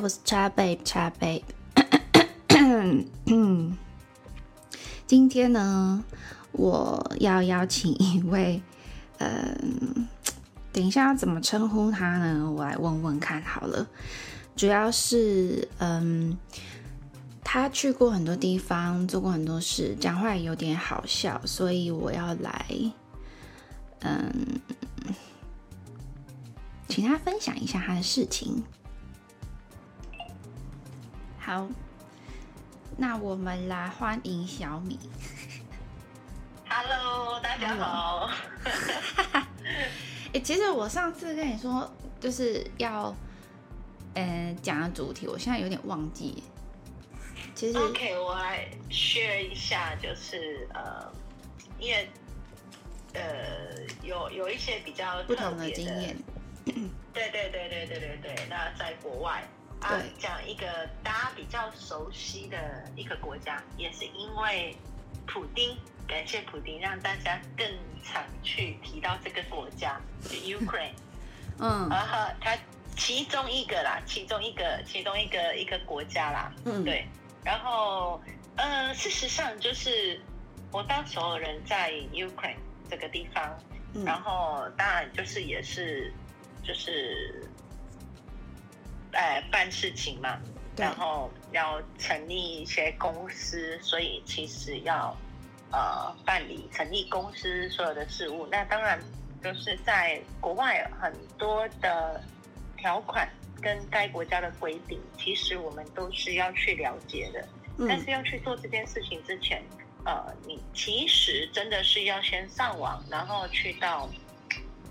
我是恰貝，恰 貝。今天呢，我要邀請一位，嗯，等一下要怎麼稱呼他呢？我來問問看好了。主要是，嗯，他去過很多地方，做過很多事，講話也有點好笑，所以我要來，嗯，請他分享一下他的事情。好，那我們來歡迎小米。 Hello，大家好。哎、 欸，其實我上次跟你說就是要，呃，講的主題，我現在有點忘記。其實，OK，我來 share 一下，就是呃，因為呃，有有一些比較不同的經驗。 對對對對對對對，那在國外。啊，講一個大家比較熟悉的一個國家，也是因為普丁，感謝普丁讓大家更常去提到這個國家，就是 Ukraine。 嗯，然後他其中一個啦，其中一個，其中一個，其中一個，個一個國家啦。嗯，對。然後，呃，事實上就是我當時候人在 Ukraine 這個地方，嗯，然後當然就是也是就是。呃，辦事情嘛，然後要成立一些公司，所以其實要呃辦理成立公司所有的事務。那當然就是在國外很多的條款跟該國家的規定，其實我們都是要去了解的。嗯。但是要去做這件事情之前，呃，你其實真的是要先上網，然後去到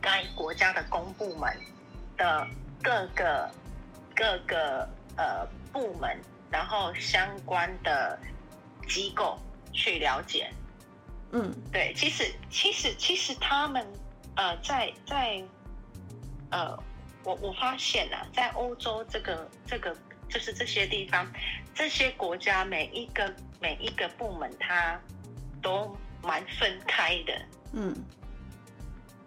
該國家的公部門的各個。各個呃部門，然後相關的機構去了解，嗯，對，其實其實其實他們呃在在呃我我發現啊，在歐洲這個這個就是這些地方這些國家每一個每一個部門，他都蠻分開的，嗯，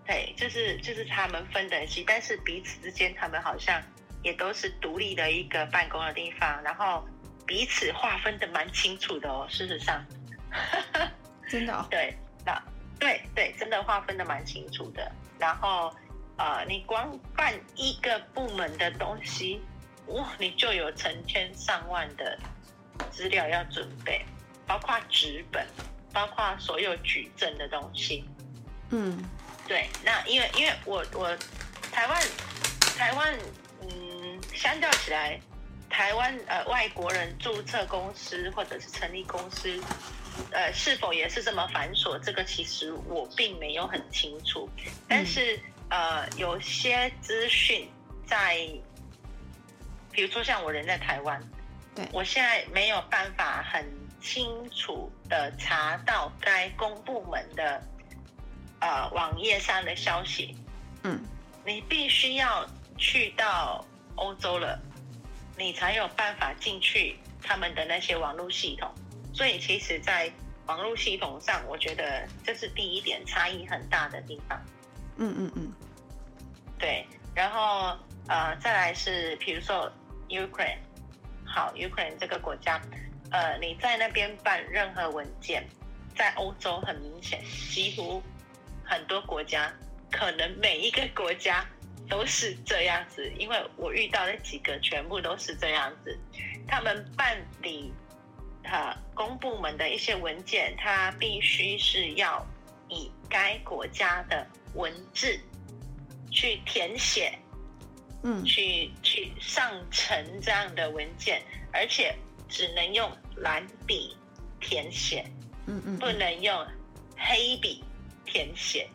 對，就是就是他們分等級，但是彼此之間他們好像。也都是獨立的一個辦公的地方，然後彼此劃分的蠻清楚的哦。事實上， 真的對，那對對，真的劃分的蠻清楚的。然後，呃，你光辦一個部門的東西，哇，你就有成千上萬的資料要準備，包括紙本，包括所有舉證的東西。嗯，對，那因為因為我我台灣台灣。相較起來，台灣呃外國人註冊公司或者是成立公司，呃是否也是這麼繁瑣？這個其實我並沒有很清楚。但是呃有些資訊在，比如說像我人在台灣，對我現在沒有辦法很清楚的查到該公部門的呃網頁上的消息。嗯，你必須要去到。歐洲了，你才有辦法進去他們的那些網絡系統。所以其實，在網絡系統上，我覺得這是第一點差異很大的地方。嗯嗯嗯，對。然後呃，再來是比如說 Ukraine，好，Ukraine 這個國家，呃，你在那邊辦任何文件，在歐洲很明顯，幾乎很多國家，可能每一個國家。都是這樣子，因為我遇到的幾個全部都是這樣子。他們辦理呃公部門的一些文件，他必須是要以該國家的文字去填寫，嗯，去去上呈這樣的文件，而且只能用藍筆填寫，嗯，嗯嗯，不能用黑筆填寫。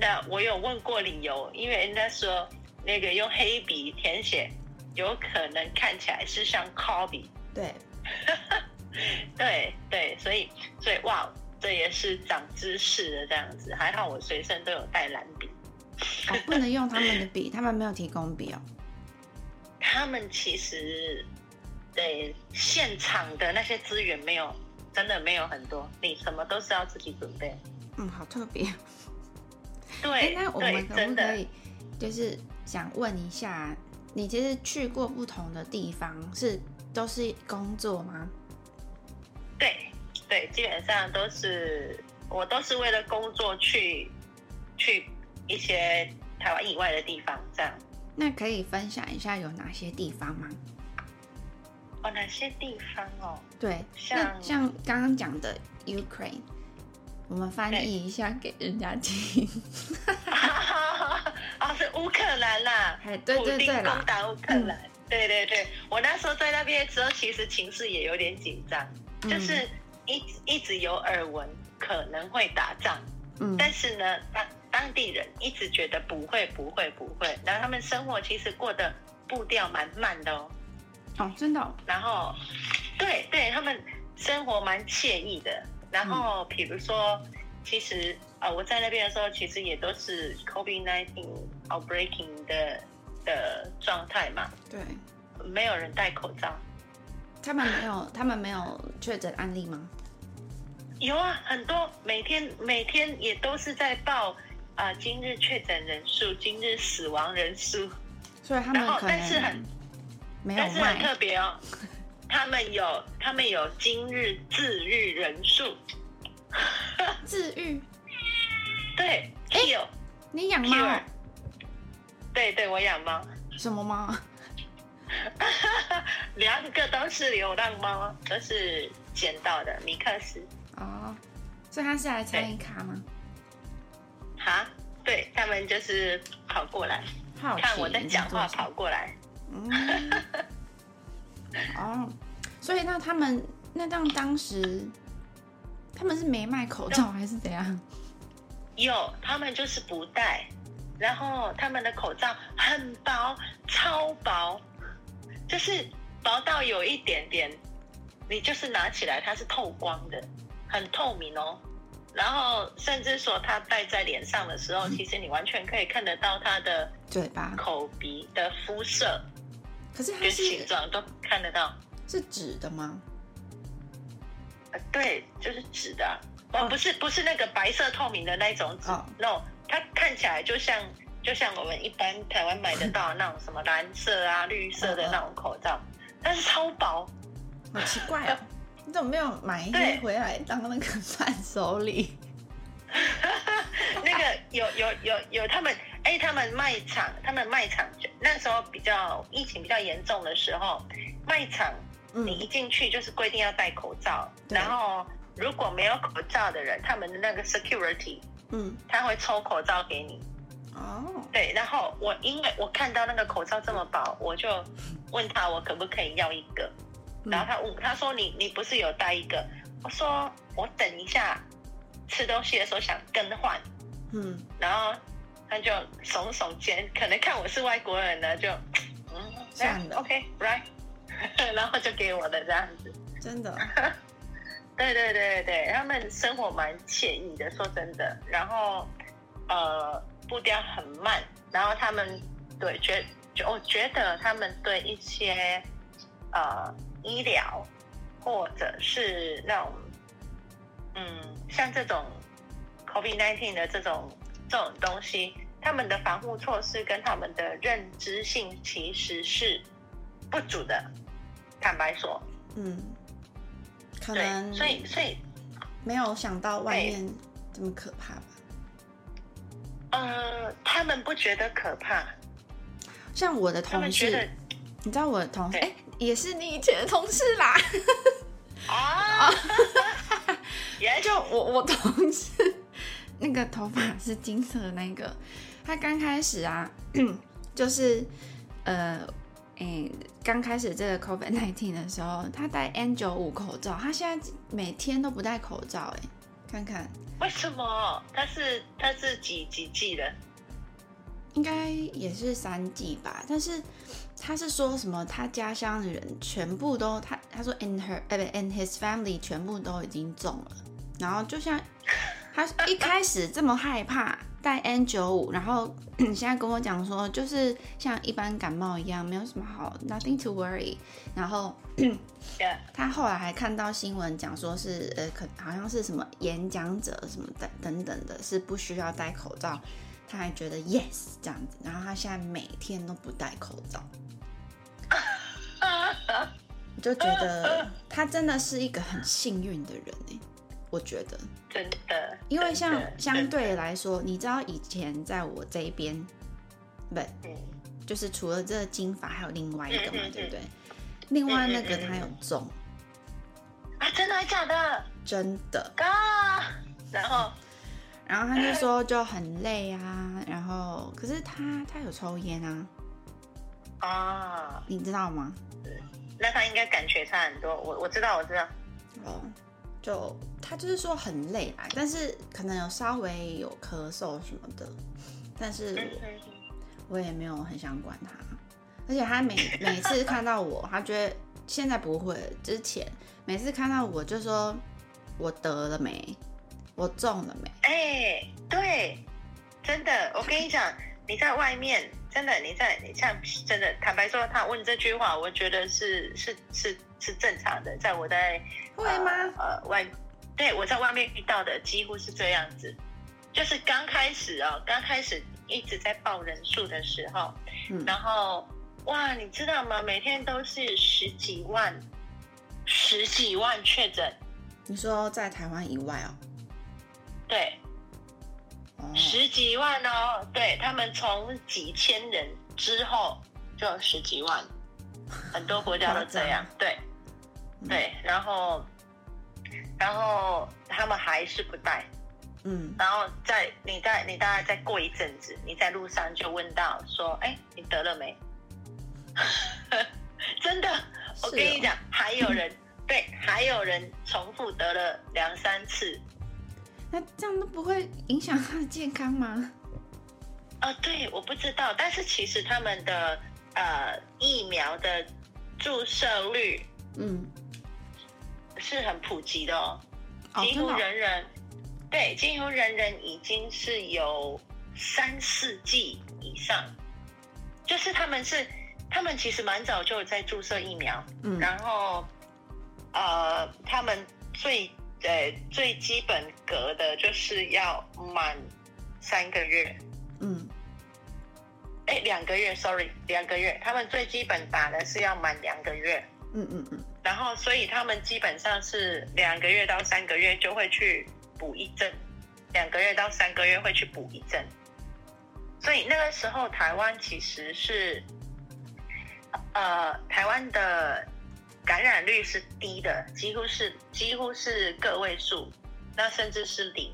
那我有問過理由，因為人家說那個用黑筆填寫，有可能看起來是像 copy。對， 對對，所以所以哇，這也是長知識的這樣子。還好我隨身都有帶藍筆。哦，不能用他們的筆， 他們沒有提供筆哦。他們其實對現場的那些資源沒有真的沒有很多，你什麼都是要自己準備。嗯，好特別。對，那我們可不可以，就是想問一下，你其實去過不同的地方是，是都是工作嗎？對，對，基本上都是我都是為了工作去去一些台灣以外的地方，這樣。那可以分享一下有哪些地方嗎？哦，哪些地方哦？對，像像剛剛講的 Ukraine。我們翻譯一下給人家聽。啊、 哦哦，是烏克蘭啦，啦，普京，攻打烏克蘭。嗯、對對對，我那時候在那邊的時候，其實情勢也有點緊張，嗯、就是一直一直有耳聞可能會打仗。嗯、但是呢，當當地人一直覺得不會不會不會，然後他們生活其實過得步調蠻慢的哦。哦，真的、哦。然後，對對，他們生活蠻愜意的。然後，比如說，其實啊，我在那邊的時候，其實也都是 COVID-19 outbreaking 的的狀態嘛。對，沒有人戴口罩。他們沒有，他們沒有確診案例嗎？有啊，很多，每天每天也都是在報啊，呃，今日確診人數，今日死亡人數。所以他們可能，然後，但是很，沒有，但是很特別哦。他們有，他們有今日治癒人數。 治癒？對，有、欸。你養貓、喔？對對，我養貓。什麼貓？兩 個都是流浪貓，都是撿到的，米克斯。哦，所以它是來參與卡嗎？啊，對，他們就是跑過來，看我在講話跑過來。嗯。 哦，所以那他們那當當時他們是沒賣口罩還是怎樣？有，他們就是不戴，然後他們的口罩很薄，超薄，就是薄到有一點點，你就是拿起來它是透光的，很透明哦。然後甚至說他戴在臉上的時候，嗯，其實你完全可以看得到他的嘴巴、口鼻的膚色。可是還是形狀都看得到，是紙的嗎、呃？對，就是紙的、啊。Oh. 哦，不是，不是那個白色透明的那種紙、oh.，no，它看起來就像就像我們一般台灣買得到的那種什麼藍色啊、 綠色的那種口罩，uh -huh. 但是超薄，好奇怪哦！ 你怎麼沒有買一個回來當那個伴手禮？ 那個有有有有他們。哎、欸，他們賣場，他們賣場那時候比較疫情比較嚴重的時候，賣場，你一進去就是規定要戴口罩，嗯、然後如果沒有口罩的人，他們的那個 security，嗯，他會抽口罩給你，哦，對，然後我因為我看到那個口罩這麼薄，我就問他我可不可以要一個，嗯、然後他問、嗯、他說你你不是有帶一個？我說我等一下吃東西的時候想更換，嗯，然後。他就聳聳肩，可能看我是外國人呢，就嗯這樣的、啊、，OK，right，、okay, 然後就給我的這樣子，真的， 對對對對對，他們生活蠻愜意的，說真的，然後呃步調很慢，然後他們對覺，我、哦、覺得他們對一些呃醫療或者是那種嗯像這種 Covid nineteen 的這種這種東西。他們的防護措施跟他們的認知性其實是不足的，坦白說，嗯，可能所以所以沒有想到外面這麼可怕吧？Okay. 呃，他們不覺得可怕，像我的同事，你知道我的同事，哎、欸，也是你以前的同事啦， 啊， 原來就我我同事那個頭髮是金色的那個。他剛開始啊，就是呃，欸，剛開始這個 COVID nineteen 的時候，他戴 N 九五口罩。他現在每天都不戴口罩，欸，哎，看看為什麼？他是他是幾幾幾的？應該也是三季吧。但是他是說什麼？他家鄉的人全部都他他說 in her 哎不 in his family 全部都已經中了。然後就像他一開始這麼害怕。 啊啊戴 N95，然後現在跟我講說，就是像一般感冒一樣，沒有什麼好 nothing to worry。然後、yeah. 他後來還看到新聞講說是呃可好像是什麼演講者什麼等等等的，是不需要戴口罩。他還覺得 yes 這樣子，然後他現在每天都不戴口罩。我 就覺得他真的是一個很幸運的人我覺得真的，真的，因為像相對來說，你知道以前在我這一邊，不、嗯，就是除了這個金髮，還有另外一個嘛，嗯嗯嗯對不對嗯嗯嗯？另外那個他有棕啊，真的還假的？真的啊，然後，然後他就說就很累啊，然後可是他他有抽煙啊，啊，你知道嗎？那他應該感覺差很多，我我知道，我知道，哦。就他就是說很累啊，但是可能有稍微有咳嗽什麼的，但是我我也沒有很想管他，而且他每每次看到我，他覺得現在不會，之前每次看到我就說我得了沒？我中了沒？哎、欸，對，真的，我跟你講，你在外面。真的你，你在你像真的，坦白說，他問這句話，我覺得是是是是正常的。在我在，會嗎？呃，外，對，我在外面遇到的幾乎是這樣子，就是剛開始哦，剛開始一直在報人數的時候，嗯，然後哇，你知道嗎？每天都是十幾萬，十幾萬確診。你說在台灣以外哦，對。十幾萬哦，對他們從幾千人之後就十幾萬，很多國家都這樣，對，對，然後，然後他們還是不戴，嗯，然後再你在你再你大概再過一陣子，你在路上就問到說，哎，你得了沒？ 真的，我跟你講，哦、還有人對，還有人重複得了兩三次。那這樣都不會影響他的健康嗎？啊、哦，對，我不知道。但是其實他們的、呃、疫苗的注射率，是很普及的哦，哦，幾乎人人，對，幾乎人人已經是有三四劑以上，就是他們是他們其實蠻早就有在注射疫苗，嗯、然後、呃、他們最。對，最基本隔的就是要滿三個月，嗯，哎、欸，兩個月，sorry，兩個月，他們最基本打的是要滿兩個月，嗯嗯嗯，然後所以他們基本上是兩個月到三個月就會去補一針，兩個月到三個月會去補一針，所以那個時候台灣其實是，呃，台灣的。感染率是低的，幾乎是幾乎是個位數，那甚至是零。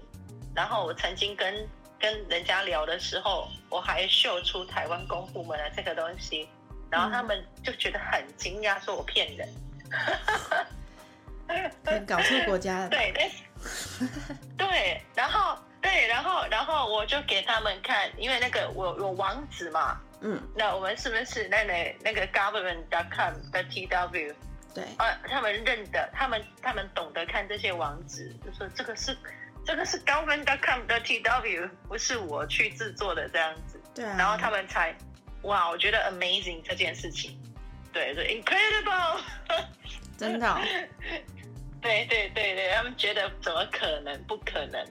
然後我曾經跟跟人家聊的時候，我還秀出台灣公部門的這個東西，然後他們就覺得很驚訝，說我騙人，嗯、 搞錯國家。對，對，然 後對，然後然後，然後我就給他們看，因為那個我有網址嘛，嗯，那我們是不是那個那個 government dot com 的 T W？對啊，他們認得，他們他們懂得看這些網址，就說這個是這個是高分 .com 的 TW，不是我去制作的這樣子。對、啊，然後他們才，哇，我覺得 amazing 這件事情，對，對 incredible，真的、哦， 對對對對，他們覺得怎麼可能，不可能，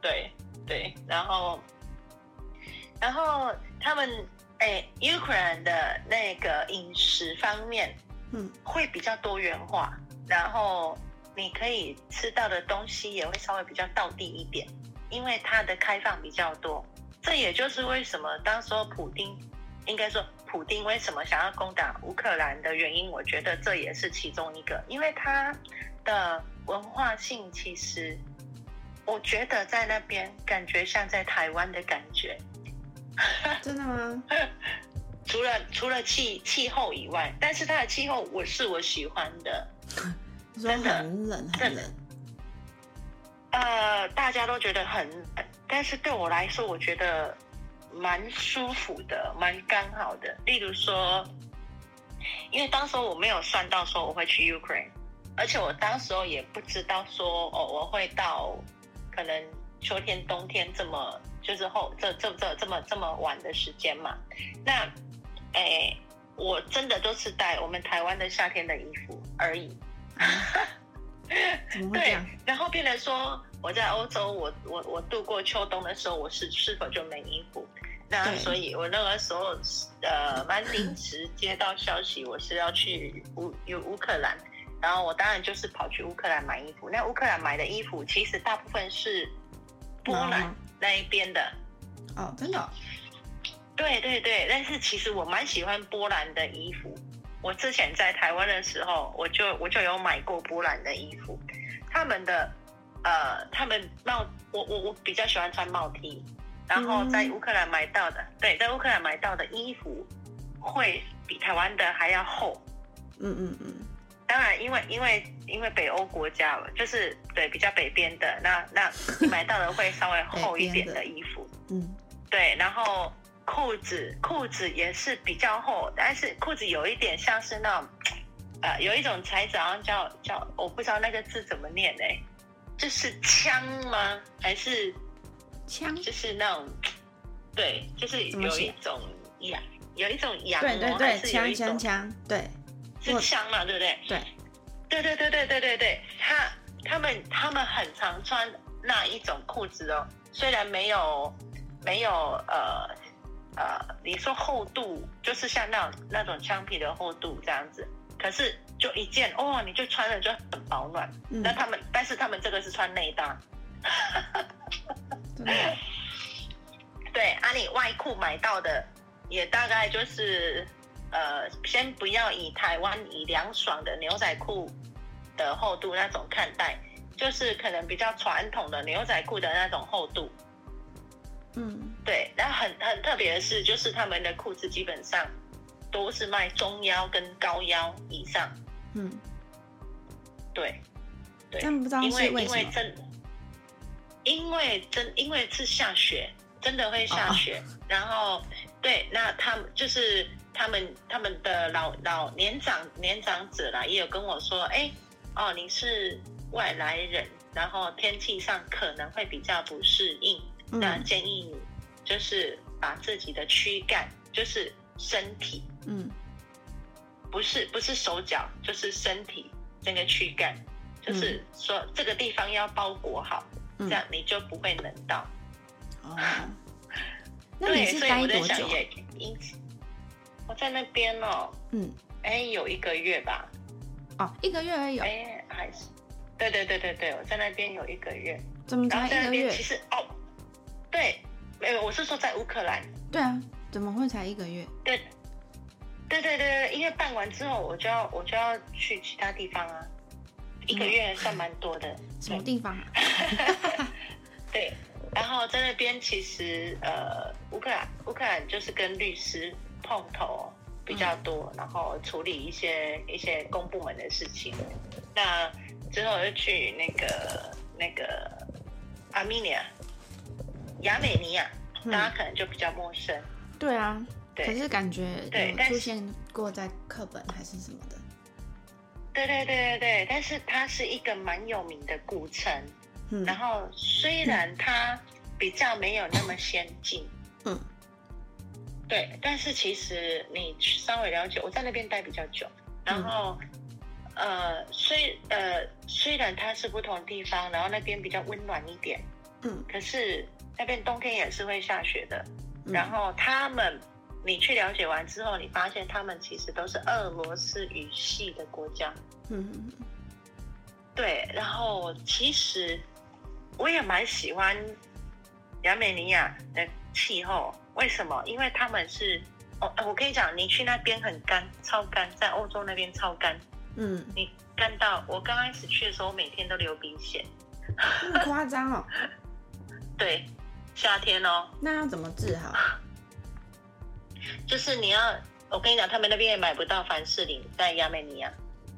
對對，然後然後他們哎，Ukraine 的那個飲食方面。嗯，會比較多元化，然後你可以吃到的東西也會稍微比較道地一點，因為它的開放比較多。這也就是為什麼當時候普丁，應該說普丁為什麼想要攻打烏克蘭的原因，我覺得這也是其中一個，因為它的文化性其實，我覺得在那邊感覺像在台灣的感覺。真的嗎？ 除了除了氣氣候以外，但是它的氣候我是我喜歡的，真的很冷，很冷。呃，大家都覺得很，但是對我來說，我覺得蠻舒服的，蠻剛好的。例如說，因為當時候我沒有算到說我會去 Ukraine，而且我當時候也不知道說哦我會到可能秋天、冬天這麼就是後這這這這麼這麼晚的時間嘛，那。哎、欸，我真的都是帶我們台灣的夏天的衣服而已、啊。 對，然後變成說我在歐洲我，我我我度過秋冬的時候，我是是否就沒衣服？那所以，我那個時候呃，蠻臨時接到消息，我是要去烏有烏克蘭，然後我當然就是跑去烏克蘭買衣服。那烏克蘭買的衣服，其實大部分是波蘭那一邊的、嗯。哦，真的、哦。對對對，但是其實我蠻喜歡波蘭的衣服。我之前在台灣的時候，我就我就有買過波蘭的衣服。他們的呃，他們帽，我我我比較喜歡穿帽 T。然後在烏克蘭買到的、嗯，對，在烏克蘭買到的衣服會比台灣的還要厚。嗯嗯嗯。當然，因為因為因為北歐國家，就是對比較北邊的，那那買到的會稍微厚一點的衣服。嗯，對，然後。褲子褲子也是比較厚，但是褲子有一點像是那種，呃，有一種材質好像叫叫我不知道那個字怎麼念呢、欸，就是槍嗎？還是槍？就是那種，對，就是有一種羊，有一種羊毛還是有一種槍，對，是槍嘛，對不對？對，對對對對對對，對，他他們他們很常穿那一種褲子哦，雖然沒有沒有呃。呃，你說厚度就是像那種那種槍皮的厚度這樣子，可是就一件哦，你就穿了就很保暖，嗯。那他們，但是他們這個是穿內搭。 對，對，啊，你外褲買到的也大概就是，呃，先不要以台灣以涼爽的牛仔褲的厚度那種看待，就是可能比較傳統的牛仔褲的那種厚度。嗯，對，然後很很特別的是，就是他們的褲子基本上都是賣中腰跟高腰以上。嗯對，對，真不知道是為什麼？因為，因為真，因為真，因為是下雪，真的會下雪。啊、然後，對，那他們就是他們他們的老老年長年長者啦，也有跟我說，哎、欸，哦，您是外來人，然後天氣上可能會比較不適應。那建議你，就是把自己的軀幹、嗯，就是身體，嗯，不是不是手腳，就是身體整、這個軀幹、嗯，就是說這個地方要包裹好，嗯、這樣你就不會冷到。哦 那、啊 對，所以我想，那你是待多久、啊？我在那邊哦，嗯，哎，有一個月吧，哦、一個月而已，哎，還是，對對對對對，我在那邊有一個月，個月然後在那邊其實哦。對，沒、欸、有，我是說在烏克蘭。對啊，怎麼會才一個月？對，對對對對，因為辦完之後，我就要我就要去其他地方啊。嗯、一個月算蠻多的。什麼地方、啊？對， 對，然後在那邊其實呃，烏克蘭烏克蘭就是跟律師碰頭比較多，嗯、然後處理一些一些公部門的事情。那之後就去那個那個阿米尼亞。亞美尼亞，大家可能就比較陌生。嗯、對啊，對，可是感覺有出現過在課本還是什麼的。對對對對對，但是它是一個蠻有名的古城。嗯。然後雖然它比較沒有那麼先進。嗯。對，但是其實你稍微了解，我在那邊待比較久。然後，嗯、呃，雖呃雖然它是不同地方，然後那邊比較溫暖一點。嗯。可是。那邊冬天也是會下雪的，嗯，然後他們，你去了解完之後，你發現他們其實都是俄羅斯語系的國家。嗯，對，然後其實我也蠻喜歡亞美尼亞的氣候，為什麼？因為他們是，哦，我跟你講，你去那邊很乾，超乾，在歐洲那邊超乾。嗯，你乾到我剛開始去的時候，我每天都流鼻血，誇張哦？ 對。夏天哦，那要怎麼治好？就是你要，我跟你講，他們那邊也買不到凡士林，在亞美尼亞，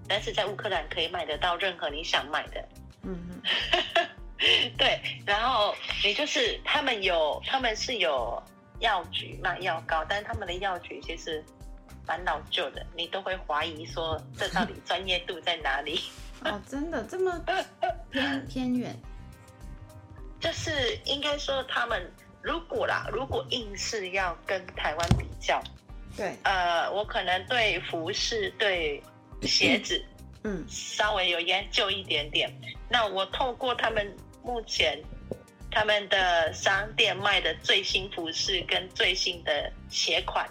但是在烏克蘭可以買得到任何你想買的。嗯嗯， 對。然後你就是他們有，他們是有藥局賣藥膏，但是他們的藥局其實蠻老舊的，你都會懷疑說這到底專業度在哪裡？ 哦，真的這麼偏偏遠？就是應該說，他們如果啦，如果硬是要跟台灣比較，對，呃，我可能對服飾、對鞋子，嗯，稍微有研究一點點。嗯嗯、那我透過他們目前他們的商店賣的最新服飾跟最新的鞋款，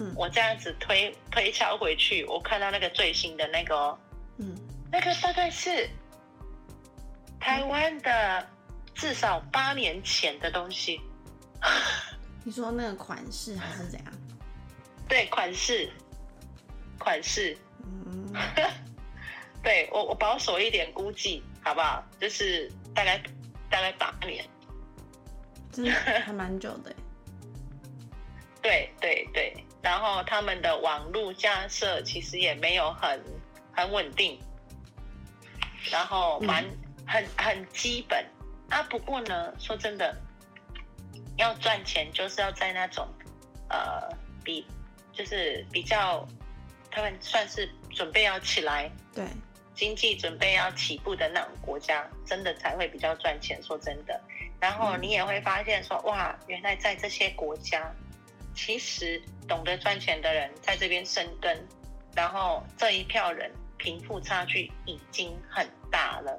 嗯，我這樣子推推敲回去，我看到那個最新的那個、哦，嗯，那個大概是台灣的、嗯。至少八年前的東西， 你說那個款式還是怎樣？對，款式，款式，嗯， 對我我保守一點估計，好不好？就是大概大概八年， 還蠻久的 對。對對對，然後他們的網路架設其實也沒有很很穩定，然後蠻、嗯、很很基本。啊，不過呢，說真的，要賺錢就是要在那種，呃，比就是比較他們算是準備要起來，對經濟準備要起步的那種國家，真的才會比較賺錢。說真的，然後你也會發現說，嗯、哇，原來在這些國家，其實懂得賺錢的人在這邊生根，然後這一票人貧富差距已經很大了，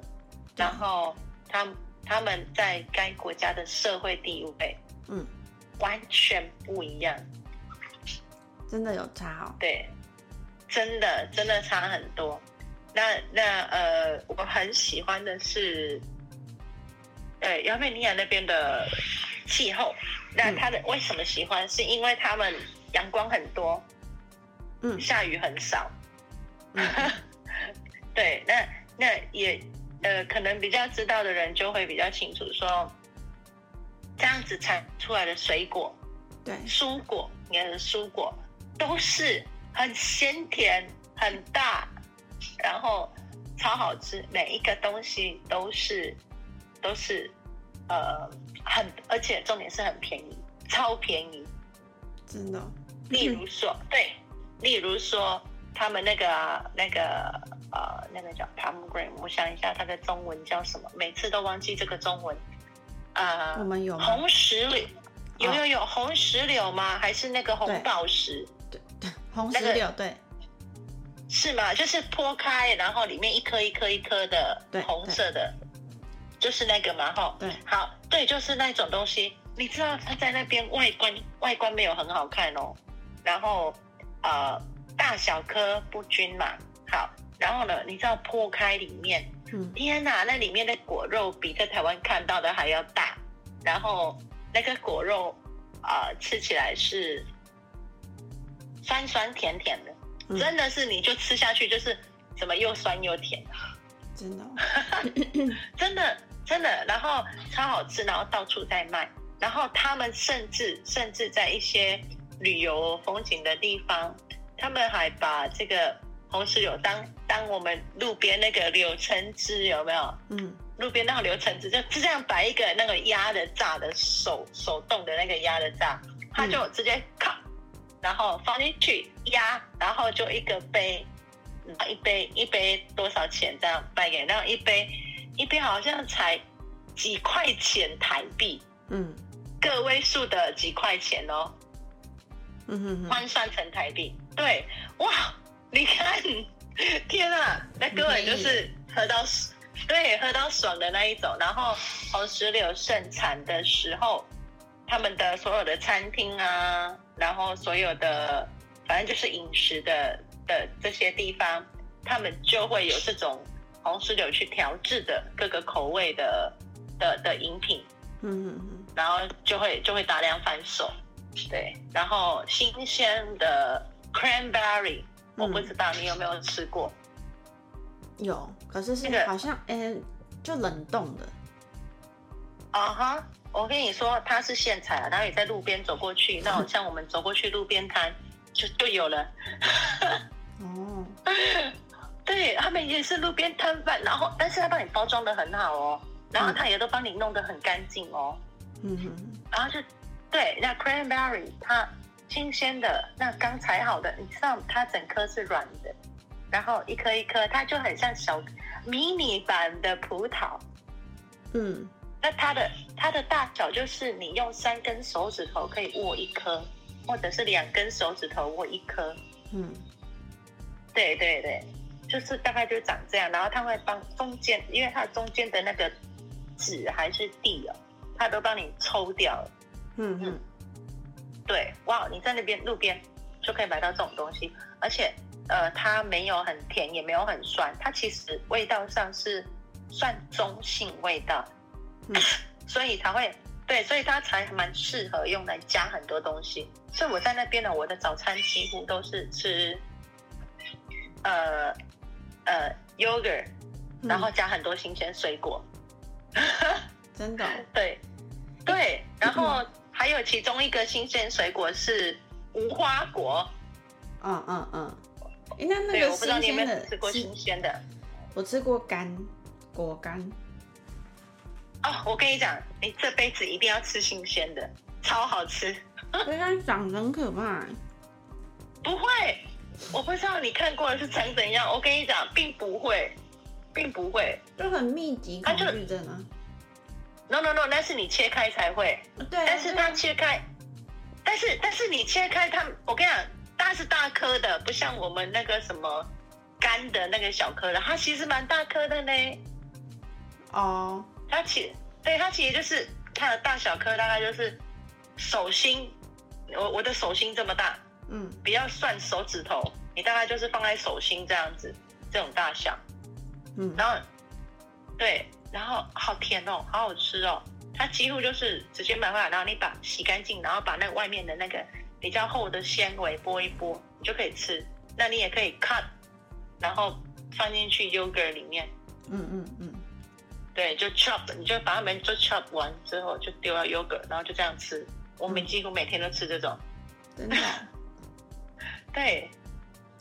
然後他。他們在該國家的社會地位，嗯，完全不一樣，真的有差、哦、對，真的真的差很多。那那呃，我很喜歡的是，呃，亞美尼亞那邊的氣候。嗯、那他的為什麼喜歡？是因為他們陽光很多，嗯，下雨很少。嗯、 對，那那也。呃，可能比較知道的人就會比較清楚說，說這樣子產出來的水果，對，蔬果，你看是蔬果，都是很鮮甜、很大，然後超好吃，每一個東西都是都是，呃，很而且重點是很便宜，超便宜，真的哦。例如說、嗯，對，例如說他們那個那個。呃，那個叫 pomegranate，我想一下，它的中文叫什麼？每次都忘記這個中文。啊、呃，我們有紅石榴，有沒有有紅石榴嗎、哦？還是那個紅寶石對對？對，紅石榴、那個、對，是嗎？就是剖開，然後裡面一顆一顆一顆的紅色的，就是那個嘛。好，對，好，對，就是那種東西。你知道它在那邊外觀外觀沒有很好看哦、喔，然後呃，大小顆不均嘛。好。然後呢？你知道剖開裡面、嗯，天哪，那裡面的果肉比在台灣看到的還要大。然後那個果肉，啊、呃，吃起來是酸酸甜甜的、嗯，真的是你就吃下去就是怎麼又酸又甜、啊，真的， 真的真的。然後超好吃，然後到處在賣。然後他們甚至甚至在一些旅遊風景的地方，他們還把這個。同時有當當我們路邊那個柳橙汁，有沒有？嗯，路邊那個柳橙汁就就這樣擺一個那個壓的榨的手手動的那個壓的榨、嗯，他就直接靠，然後放進去壓，然後就一個杯，嗯、一杯一杯多少錢這樣賣給？然後一杯一杯好像才幾塊錢台幣，嗯，個位數的幾塊錢哦，嗯哼，哼，換算成台幣，對，哇。你看，天啊，那根本就是喝到，mm -hmm. 對，喝到爽的那一種。然後紅石榴盛產的時候，他們的所有的餐廳啊，然後所有的，反正就是飲食的的這些地方，他們就會有這種紅石榴去調制的各個口味的的的飲品，嗯、mm -hmm.，然後就會就會大量販售，對。然後新鮮的 cranberry。嗯、我不知道你有沒有吃過。有，可是是好像哎、這個，欸，就冷凍的。啊哈！我跟你說，它是現採、啊，然後也在路邊走過去，那好像我們走過去路邊攤 就就有了。哦、 oh.，對，他們也是路邊攤販，然後但是他幫你包裝得很好哦，然後他也都幫你弄得很乾淨哦。嗯哼，然後就對，那 cranberry 它。新鮮的，那剛採好的，你知道它整顆是軟的，然後一顆一顆，它就很像小迷你版的葡萄，嗯，那它的它的大小就是你用三根手指頭可以握一顆，或者是兩根手指頭握一顆，嗯，對對對，就是大概就長這樣，然後它會幫中間，因為它中間的那個籽還是蒂哦，它都幫你抽掉了，嗯嗯。對，哇、wow，你在那邊路邊就可以買到這種東西，而且，呃，它沒有很甜，也沒有很酸，它其實味道上是算中性味道，嗯、所以才會對，所以它才蠻適合用來加很多東西。所以我在那邊呢，我的早餐幾乎都是吃，呃，呃，yogurt，然後加很多新鮮水果，嗯、 真的，對，對，然後。嗯還有其中一個新鮮水果是無花果，嗯嗯嗯、欸那那個新鮮的，對，我不知道你有沒有吃過新鮮的，我吃過乾果乾。哦，我跟你講，你這輩子一定要吃新鮮的，超好吃。它 長得很可怕。不會，我不知道你看過的是成怎樣。我跟你講，並不會，並不會，就很密集恐懼、啊，它真的。No no no，那是你切開才會。對，但是它切開，但是但是你切開它，我跟你講，大是大顆的，不像我們那個什麼乾的那個小顆的，它其實蠻大顆的呢。哦，oh，它其對它其實就是它的大小顆大概就是手心，我我的手心這麼大，嗯，不要算手指頭，你大概就是放在手心這樣子，這種大小，嗯，然後對。然後好甜哦，好好吃哦。它幾乎就是直接買回來，然後你把洗乾淨，然後把那個外面的那個比較厚的纖維剝一剝，你就可以吃。那你也可以 cut，然後放進去 yogurt 裡面。嗯嗯嗯，對，就 chop，你就把它們就 chop 完之後就丟到 yogurt，然後就這樣吃。我們幾乎每天都吃這種。嗯、 真的？對。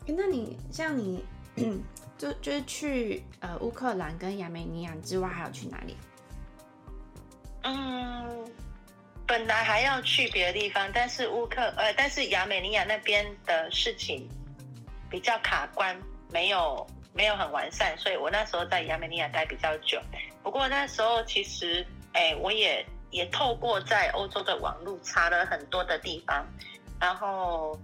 欸、那你像你。嗯。 就就是去呃烏克蘭跟亞美尼亞之外，還要去哪裡？嗯，本來還要去別的地方，但是烏克呃，但是亞美尼亞那邊的事情比較卡關，沒有沒有很完善，所以我那時候在亞美尼亞待比較久。不過那時候其實，誒、欸，我也也透過在歐洲的網路查了很多的地方，然後。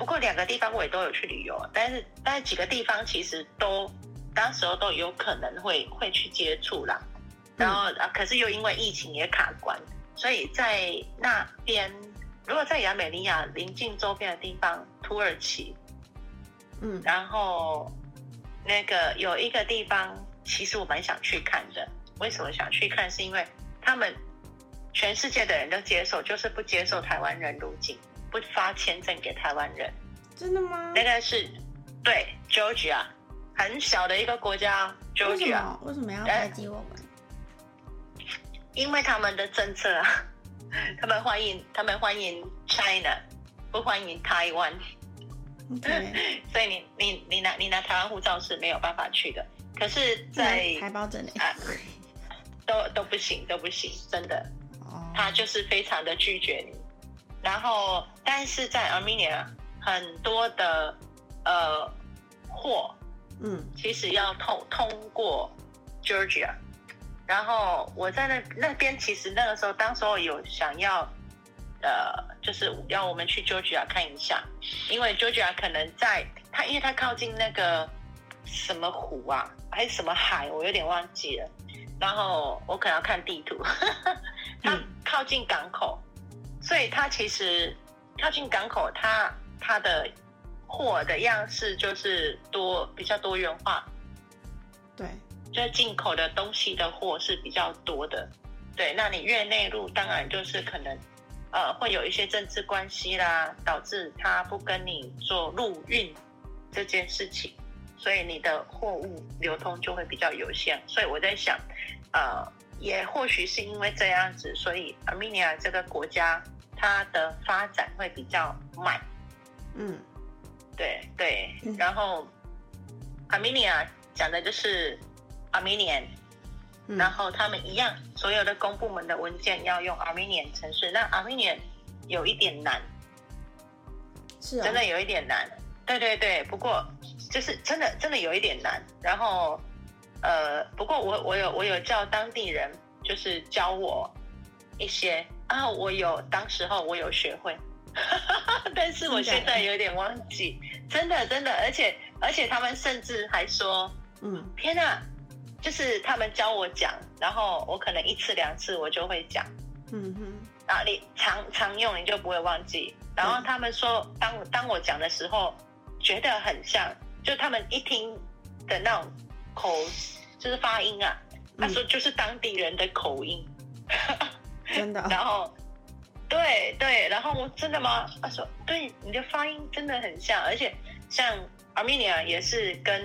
不過兩個地方我也都有去旅遊，但是但是幾個地方其實都當時候都有可能會會去接觸啦，然後、嗯、啊可是又因為疫情也卡關，所以在那邊，如果在亞美尼亞鄰近周邊的地方土耳其，嗯，然後那個有一個地方其實我蠻想去看的，為什麼想去看？是因為他們全世界的人都接受，就是不接受台灣人入境。不發簽證給台灣人，真的嗎？那個是，對，Georgia，很小的一個國家，Georgia，為什麼？為什麼要排擠我們？呃，因為他們的政策啊，他們歡迎，他們歡迎 China，不歡迎台灣。對，Okay. 所以你你你拿你拿台灣護照是沒有辦法去的。可是在，在台胞證啊，都都不行，都不行，真的，oh. 他就是非常的拒絕你。然後，但是在 Armenia 很多的呃貨，嗯，其實要通通過 Georgia，然後我在那那邊，其實那個時候，當時我有想要呃，就是要我們去 Georgia 看一下，因為 Georgia 可能在它，因為它靠近那個什麼湖啊，還是什麼海，我有點忘記了，然後我可能要看地圖，呵呵，它靠近港口。所以它其實靠近港口，它，它的貨的樣式就是多，比較多元化。對，就是進口的東西的貨是比較多的。對，那你越內陸，當然就是可能呃會有一些政治關係啦，導致它不跟你做陸運這件事情，所以你的貨物流通就會比較有限。所以我在想，呃，也或許是因為這樣子，所以 Armenia 這個國家。它的發展會比較慢，嗯，對對，然後 Armenia 講的就是 Armenian，嗯、然後他們一樣，所有的公部門的文件要用 Armenian 陳述，那 Armenian 有一點難，是、啊，真的有一點難，對對對，不過就是真的真的有一點難，然後呃，不過我我有我有叫當地人，就是教我一些。啊，我有當時候我有學會哈哈，但是我現在有點忘記，的真的真的，而且而且他們甚至還說，嗯，天哪，就是他們教我講，然後我可能一次兩次我就會講，嗯哼，啊你常常用你就不會忘記，然後他們說、嗯、當當我講的時候覺得很像，就他們一聽的那種口就是發音啊，他說就是當地人的口音。嗯呵呵真的啊，然後，對對，然後我真的嗎？他說，對，你的發音真的很像，而且像 Armenia 也是跟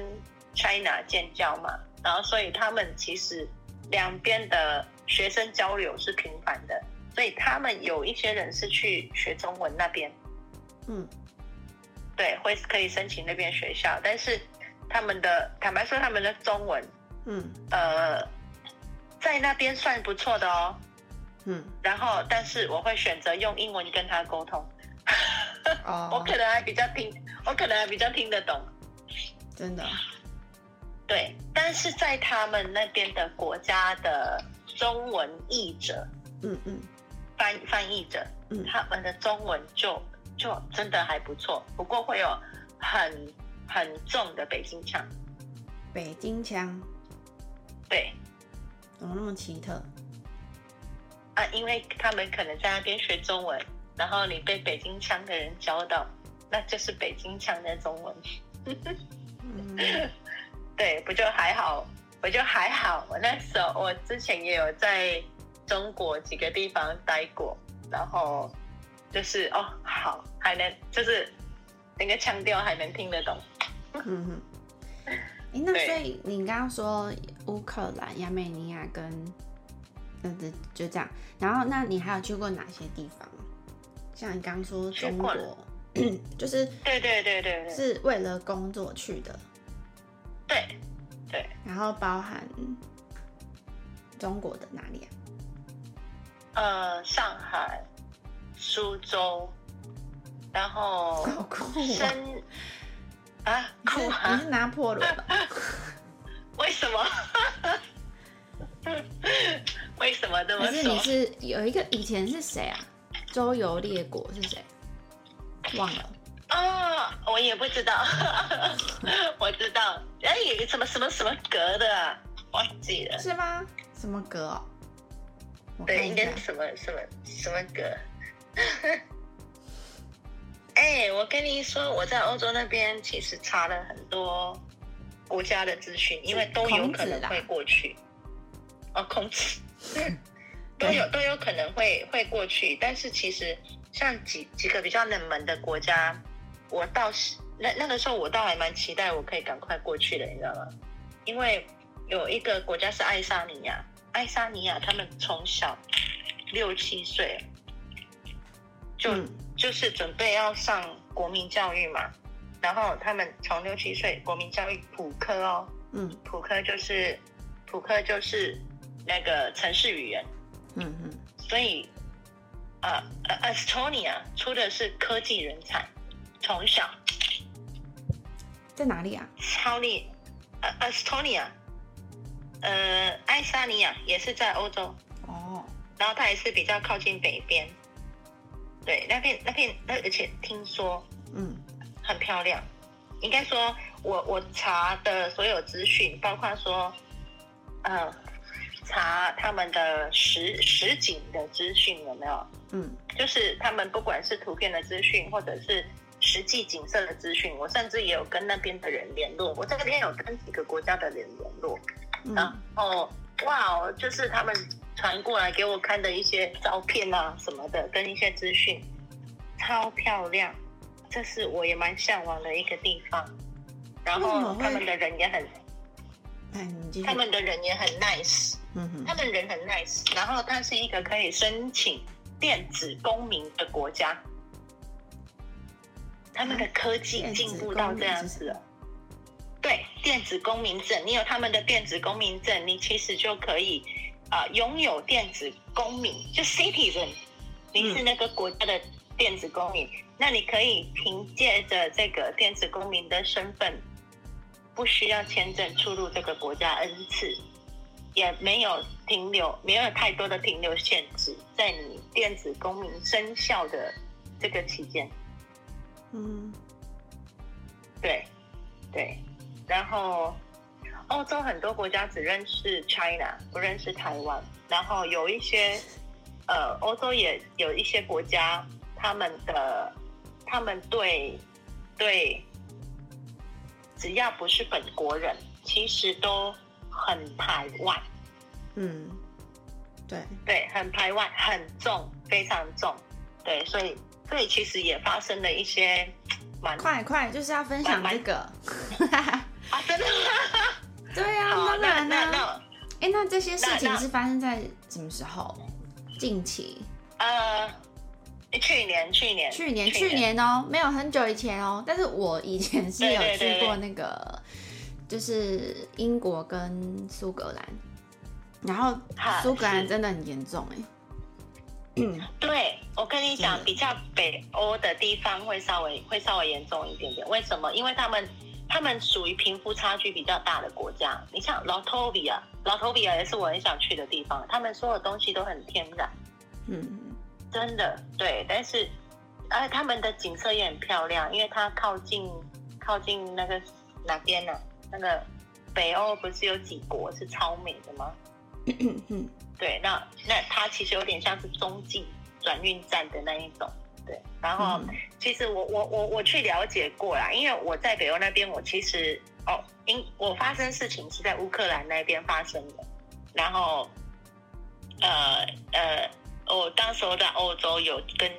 China 建交嘛，然後所以他們其實兩邊的學生交流是頻繁的，所以他們有一些人是去學中文那邊，嗯，對，會可以申請那邊學校，但是他們的坦白說他們的中文，嗯，呃，在那邊算不錯的哦。嗯，然後但是我會選擇用英文跟他溝通， oh. 我可能還比較聽，我可能還比較聽得懂，真的，對，但是在他們那邊的國家的中文譯者，嗯嗯，翻翻譯者，嗯，他們的中文就就真的還不錯，不過會有很很重的北京腔，北京腔，對，怎麼那麼奇特？啊，因為他們可能在那邊學中文，然後你被北京腔的人教到，那就是北京腔的中文。 對，不就還好，我就還好。我那時候我之前也有在中國幾個地方待過，然後就是哦，好，還能就是那個腔調還能聽得懂。 嗯哼、欸、那所以你剛剛說烏克蘭、亞美尼亞跟。就這樣，然後那你還有去過哪些地方？像你剛剛說中國， 就是對對，對對對對，是為了工作去的。對對，然後包含中國的哪裡啊？呃，上海、蘇州，然後好酷啊深啊酷、啊， 你是拿破崙？ 為什麼？ 為什麼這麼說？可是你是有一個以前是誰啊？周遊列國是誰？忘了哦，我也不知道。 我知道哎、欸，什麼什麼什麼格的、啊，忘記了是嗎？什麼格、喔？對，應該什麼什麼什麼格？哎、 欸，我跟你說，我在歐洲那邊其實查了很多國家的資訊，因為都有可能會過去。哦，孔子都有都有可能會會過去，但是其實像幾幾個比較冷門的國家，我倒是那那個時候我倒還蠻期待我可以趕快過去的，你知道嗎？因為有一個國家是愛沙尼亞，愛沙尼亞他們從小六七歲就、嗯、就是準備要上國民教育嘛，然後他們從六七歲國民教育普科哦，嗯，普科就是普科就是。那個城市語言，嗯嗯，所以呃、uh, uh, Estonia 出的是科技人才，從小在哪裡啊？超麗，uh,Estonia，呃，愛沙尼亞也是在歐洲哦，然後它也是比較靠近北邊，對，那邊那邊那，而且聽說嗯，很漂亮，嗯，應該說我我查的所有資訊，包括說嗯。Uh, 查他們的實實景的資訊有沒有？嗯，就是他們不管是圖片的資訊，或者是實際景色的資訊，我甚至也有跟那邊的人聯絡，我這邊有跟幾個國家的人聯絡。然後，嗯、哇哦，就是他們傳過來給我看的一些照片啊什麼的，跟一些資訊，超漂亮，這是我也蠻向往的一個地方。然後他們的人也很。他們的人也很 nice，他們人很 nice，然後他是一個可以申請電子公民的國家。他們的科技進步到這樣子了，對電子公民證，你有他們的電子公民證，你其實就可以啊呃、擁有電子公民，就 citizen，你是那個國家的電子公民，嗯、那你可以憑借着這個電子公民的身份。不需要簽證出入這個國家 N 次，也沒有停留，沒有太多的停留限制，在你電子公民生效的這個期間，嗯，對，對，然後歐洲很多國家只認識 China，不認識台灣，然後有一些呃，歐洲也有一些國家，他們的他們對對。只要不是本國人，其實都很排外。嗯，對對，很排外，很重，非常重。對，所以這裡其實也發生了一些蠻快快，就是要分享這個 啊，真的嗎？ 對呀，啊，當然啦。哎，那這些事情是發生在什麼時候？近期。呃。去年，去年，去年，去年哦、喔，沒有很久以前哦、喔。但是我以前是有去過那個，就是英國跟蘇格蘭，然後蘇格蘭真的很嚴重哎。嗯，對我跟你講，比較北歐的地方會稍微會稍微嚴重一點點。為什麼？因為他們他們屬於貧富差距比較大的國家。你像老托比 v 老托比 a 也是我很想去的地方，他們所有東西都很天然。嗯。真的對，但是，而、哎、且他們的景色也很漂亮，因為它靠近靠近那個哪邊呢、啊？那個北歐不是有幾國是超美的嗎？ 對，那那它其實有點像是中繼轉運站的那一種。對，然後其實我我我我去了解過啦，因為我在北歐那邊，我其實哦，因我發生事情是在烏克蘭那邊發生的，然後，呃呃。我、oh, 當時候在歐洲有跟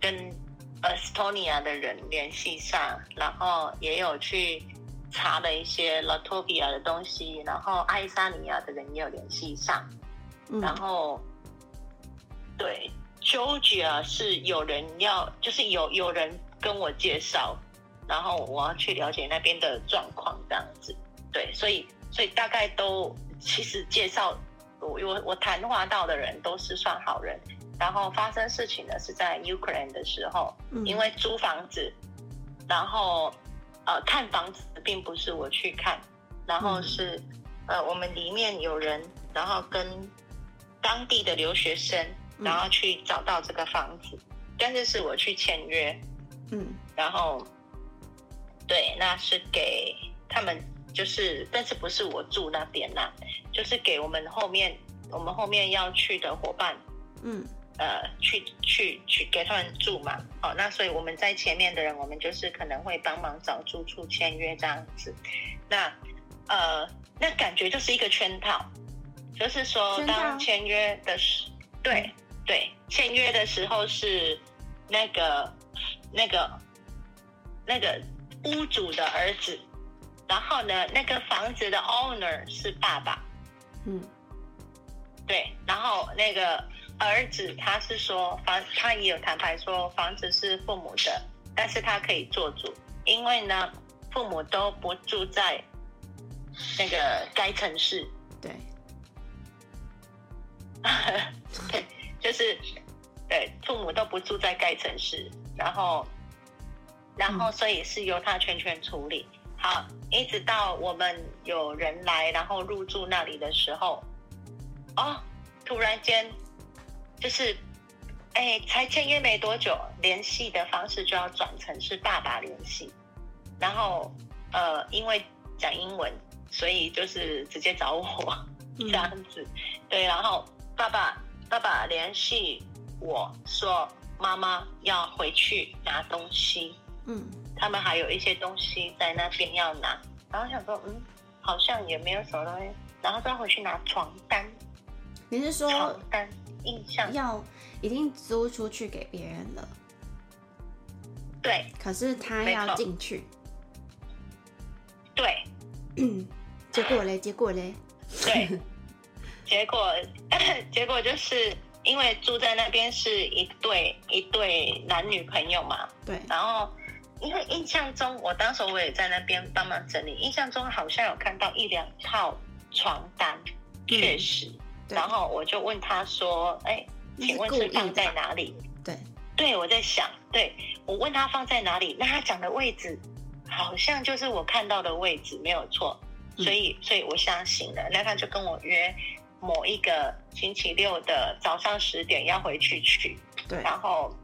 跟呃，Estonia 的人聯繫上，然後也有去查了一些 Latvia 的東西，然後愛沙尼亞的人也有聯繫上、嗯，然後對 Georgia 是有人要，就是有有人跟我介紹，然後我要去了解那邊的狀況這樣子，對，所以所以大概都其實介紹。我我我談話到的人都是算好人，然後發生事情呢是在 Ukraine 的時候、嗯，因為租房子，然後，呃，看房子並不是我去看，然後是、嗯，呃，我們裡面有人，然後跟當地的留學生，然後去找到這個房子，嗯、但是是我去簽約，嗯，然後，對，那是給他們。就是，但是不是我住那邊啦，就是給我們後面，我們後面要去的夥伴，嗯，呃，去去去給他們住嘛。哦，那所以我們在前面的人，我們就是可能會幫忙找住處、簽約這樣子。那呃，那感覺就是一個圈套，就是說當簽約的時，對對，簽約的時候是那個那個那個屋主的兒子。然後呢，那個房子的 owner 是爸爸，嗯，對。然後那個兒子他是說房，他也有坦白說房子是父母的，但是他可以做主，因為呢父母都不住在那個該城市，對， 對，就是對，父母都不住在該城市，然後然後所以是由他全權處理。好，一直到我們有人來，然後入住那裡的時候，哦，突然間，就是，哎、欸，才簽約沒多久，聯繫的方式就要轉成是爸爸聯繫，然後，呃，因為講英文，所以就是直接找我、嗯、這樣子，對，然後爸爸爸爸聯繫我說媽媽要回去拿東西，嗯。他們還有一些東西在那邊要拿，然後想說，嗯，好像也沒有什麼東西，然後再回去拿床單。你是說床單印象，要已經租出去給別人了？對。可是他要進去。對、嗯。結果嘞？結果嘞？對。 結果，結果就是因為住在那邊是一對一對男女朋友嘛。對。然後。因為印象中，我當時我也在那邊幫忙整理。印象中好像有看到一兩套床單，嗯、確實。然後我就問他說：“哎，請問是放在哪裡？”對，對我在想，對我問他放在哪裡，那他講的位置好像就是我看到的位置，沒有錯。所以、嗯，所以我相信了。那他就跟我約某一個星期六的早上十點要回去取。對，然後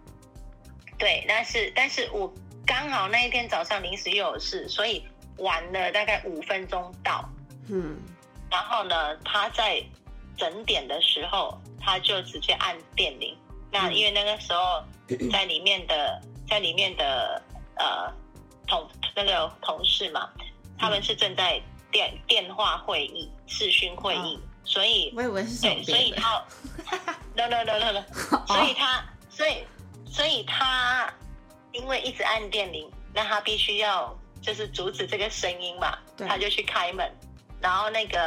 對，但是但是我。剛好那一天早上臨時又有事，所以晚了大概五分鐘到。嗯，然後呢，他在整點的時候，他就直接按電鈴。嗯、那因為那個時候在裡面的咳咳在裡面的呃同那個同事嘛、嗯，他們是正在電電話會議、視訊會議，哦、所以我以為是，對，所以他 no, no, no, no, no, no.、Oh. 所以他，所以，所以他。因為一直按電鈴，那她必須要就是阻止這個聲音嘛，她就去開門。然後那個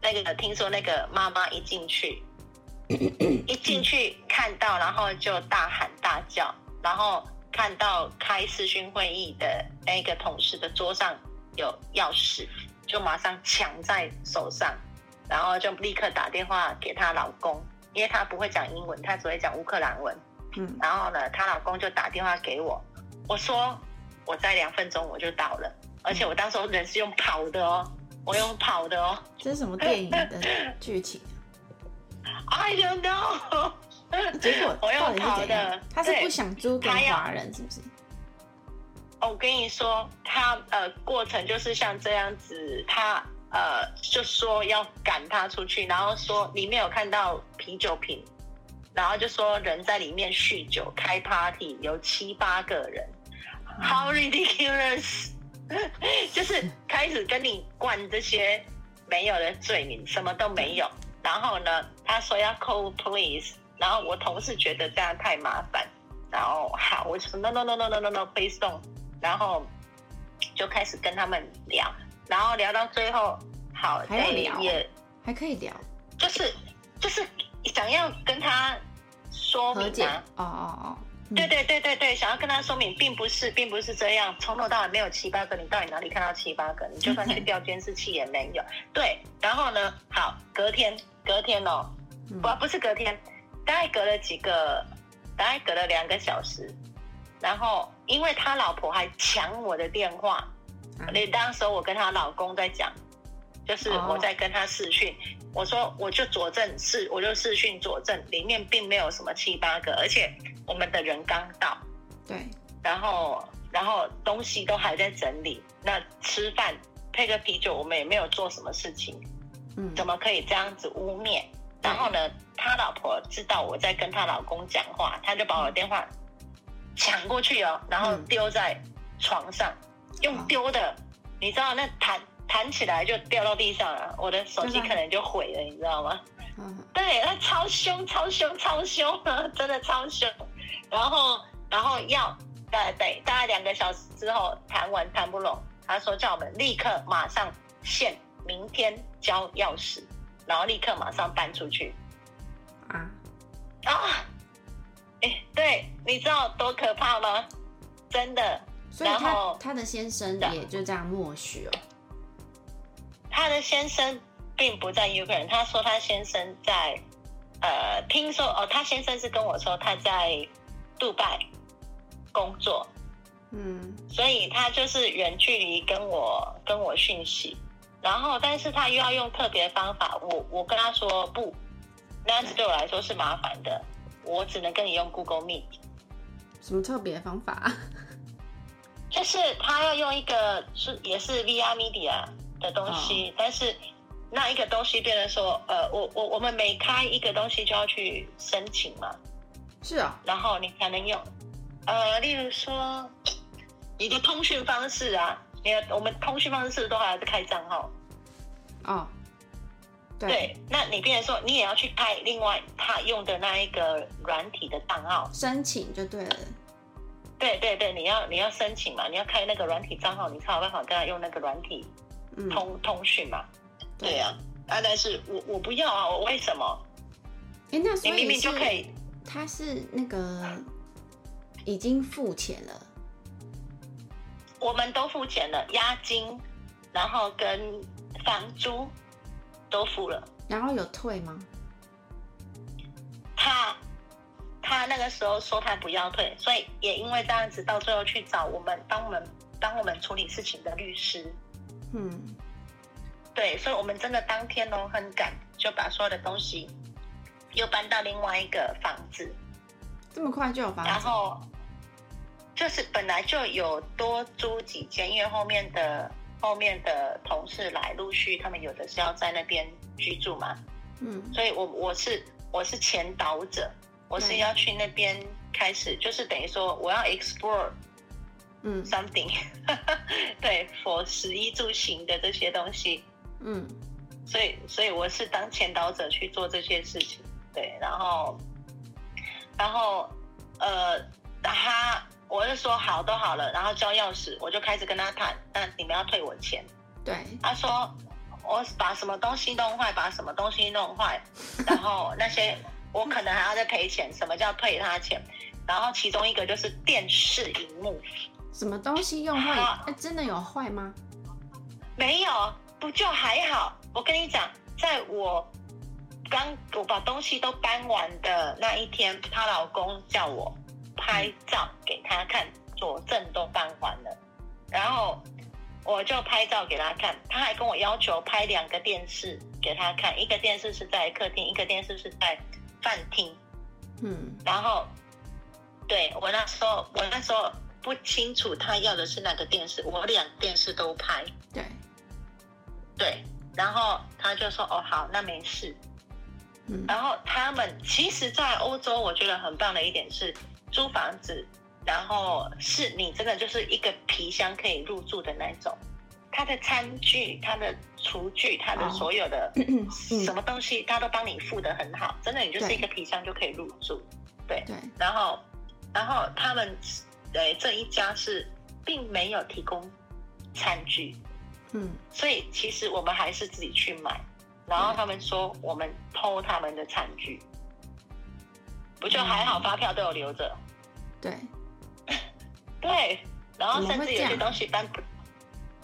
那個聽說那個媽媽一進去， 一進去看到，然後就大喊大叫，然後看到開視訊會議的那個同事的桌上有鑰匙，就馬上搶在手上，然後就立刻打電話給她老公，因為她不會講英文，她只會講烏克蘭文。嗯、然後呢，她老公就打電話給我，我說我再兩分鐘我就到了，嗯，而且我當時人是用跑的哦，我用跑的哦，這是什麼電影的劇情 ？I don't know。 結果我用跑的，他是不想租給華人是不是？哦，我跟你說，他呃過程就是像這樣子，他呃就說要趕他出去，然後說裡面有看到啤酒瓶。然後就說人在裡面酗酒開 party 有七八個人，mm -hmm.，How ridiculous！ 就是開始跟你灌這些沒有的罪名，什麼都沒有。然後呢，他說要 call police，然後我同事覺得這樣太麻煩，然後好，我說 no no no no no no no，please don't。然後就開始跟他們聊，然後聊到最後，好，還要聊，還可以聊，就是就是。想要跟他說明啊哦哦哦，對對對對對，想要跟他說明，並不是，並不是這樣，從頭到尾沒有七八個，你到底哪裡看到七八個？你就算去調監視器也沒有呵呵。對，然後呢？好，隔天，隔天哦、嗯，不，不是隔天，大概隔了幾個，大概隔了兩個小時，然後因為他老婆還搶我的電話，那、嗯、當時我跟他老公在講。就是我在跟他視訊，oh. 我說我就佐證是，我就視訊佐證，裡面並沒有什麼七八個，而且我們的人剛到，對、mm.，然後然後東西都還在整理，那吃飯配個啤酒，我們也沒有做什麼事情，嗯、mm.，怎麼可以這樣子污蔑？然後呢，mm. 他老婆知道我在跟他老公講話，他就把我的電話搶過去哦，然後丟在床上，mm. 用丟的，oh. 你知道那彈。彈起來就掉到地上了，我的手機可能就毀了，你知道嗎？嗯，對，他超凶，超凶，超凶，真的超凶。然後，然後要，呃，對，大概兩個小時之後談完談不攏，他說叫我們立刻馬上現明天交鑰匙，然後立刻馬上搬出去。啊啊、欸，對，你知道多可怕嗎？真的。然後他他的先生也就這樣默許了、喔。她的先生並不在 Ukraine 她說她先生在，呃，聽說哦，她先生是跟我說他在，杜拜工作，嗯，所以他就是遠距離跟我跟我訊息，然後，但是他又要用特別的方法。我我跟他說不，那樣子對我來說是麻煩的，我只能跟你用 Google Meet。什麼特別方法？就是他要用一個是也是 VR Media。的東西，哦、但是那一個東西變成說，呃，我我我們每開一個東西就要去申請嘛，是啊、哦，然後你才能用，呃，例如說你的通訊方式啊，你要，我們通訊方式是都還要再開賬號？哦，對，對那你變成說你也要去開另外他用的那一個軟體的賬號申請就對了，對對對，你要你要申請嘛，你要開那個軟體賬號，你才有辦法跟他用那個軟體。通通訊嘛，嗯、對呀啊！但是我我不要啊！我為什麼？哎，那是你明明就可以，他是那個已經付錢了、嗯，我們都付錢了，押金，然後跟房租都付了，然後有退嗎？他他那個時候說他不要退，所以也因為這樣子，到最後去找我們，幫我們幫我,我們處理事情的律師。嗯，對，所以，我們真的當天都很趕，就把所有的東西又搬到另外一個房子。這麼快就有房子？然後，就是本來就有多租幾間，因為後面的後面的同事來陸續，他們有的是要在那邊居住嘛。嗯，所以我我是我是前導者，我是要去那邊開始，嗯、就是等於說我要 explore。嗯，n 頂，對，食衣住行的這些東西，嗯、mm.，所以所以我是當前導者去做這些事情，對，然後，然後，呃，他，我就說好都好了，然後交鑰匙，我就開始跟他談，那你們要退我錢，對，他說我把什麼東西弄壞，把什麼東西弄壞，然後那些 我可能還要再賠錢，什麼叫退他錢？然後其中一個就是電視螢幕。什麼東西用壞？那、欸、真的有壞嗎？沒有，不就還好。我跟你講，在我剛我把東西都搬完的那一天，她老公叫我拍照給他看，佐證都搬完了。然後我就拍照給他看，他還跟我要求拍兩個電視給他看，一個電視是在客廳，一個電視是在飯廳。嗯，然後對我那時候，我那時候。不清楚他要的是哪個電視，我兩個電視都拍。對，對，然後他就說：“哦，好，那沒事。嗯”然後他們其實，在歐洲，我覺得很棒的一點是租房子，然後是你真的就是一個皮箱可以入住的那種。他的餐具、他的廚具、他的所有的什麼東西，他、嗯、都幫你付得很好，真的，你就是一個皮箱就可以入住。對，對。然後，然後他們。對這一家是，並沒有提供餐具，嗯，所以其實我們還是自己去買。然後他們說我們偷他們的餐具，不就還好？發票都有留着，嗯、對， 對。然後甚至有些東西搬不，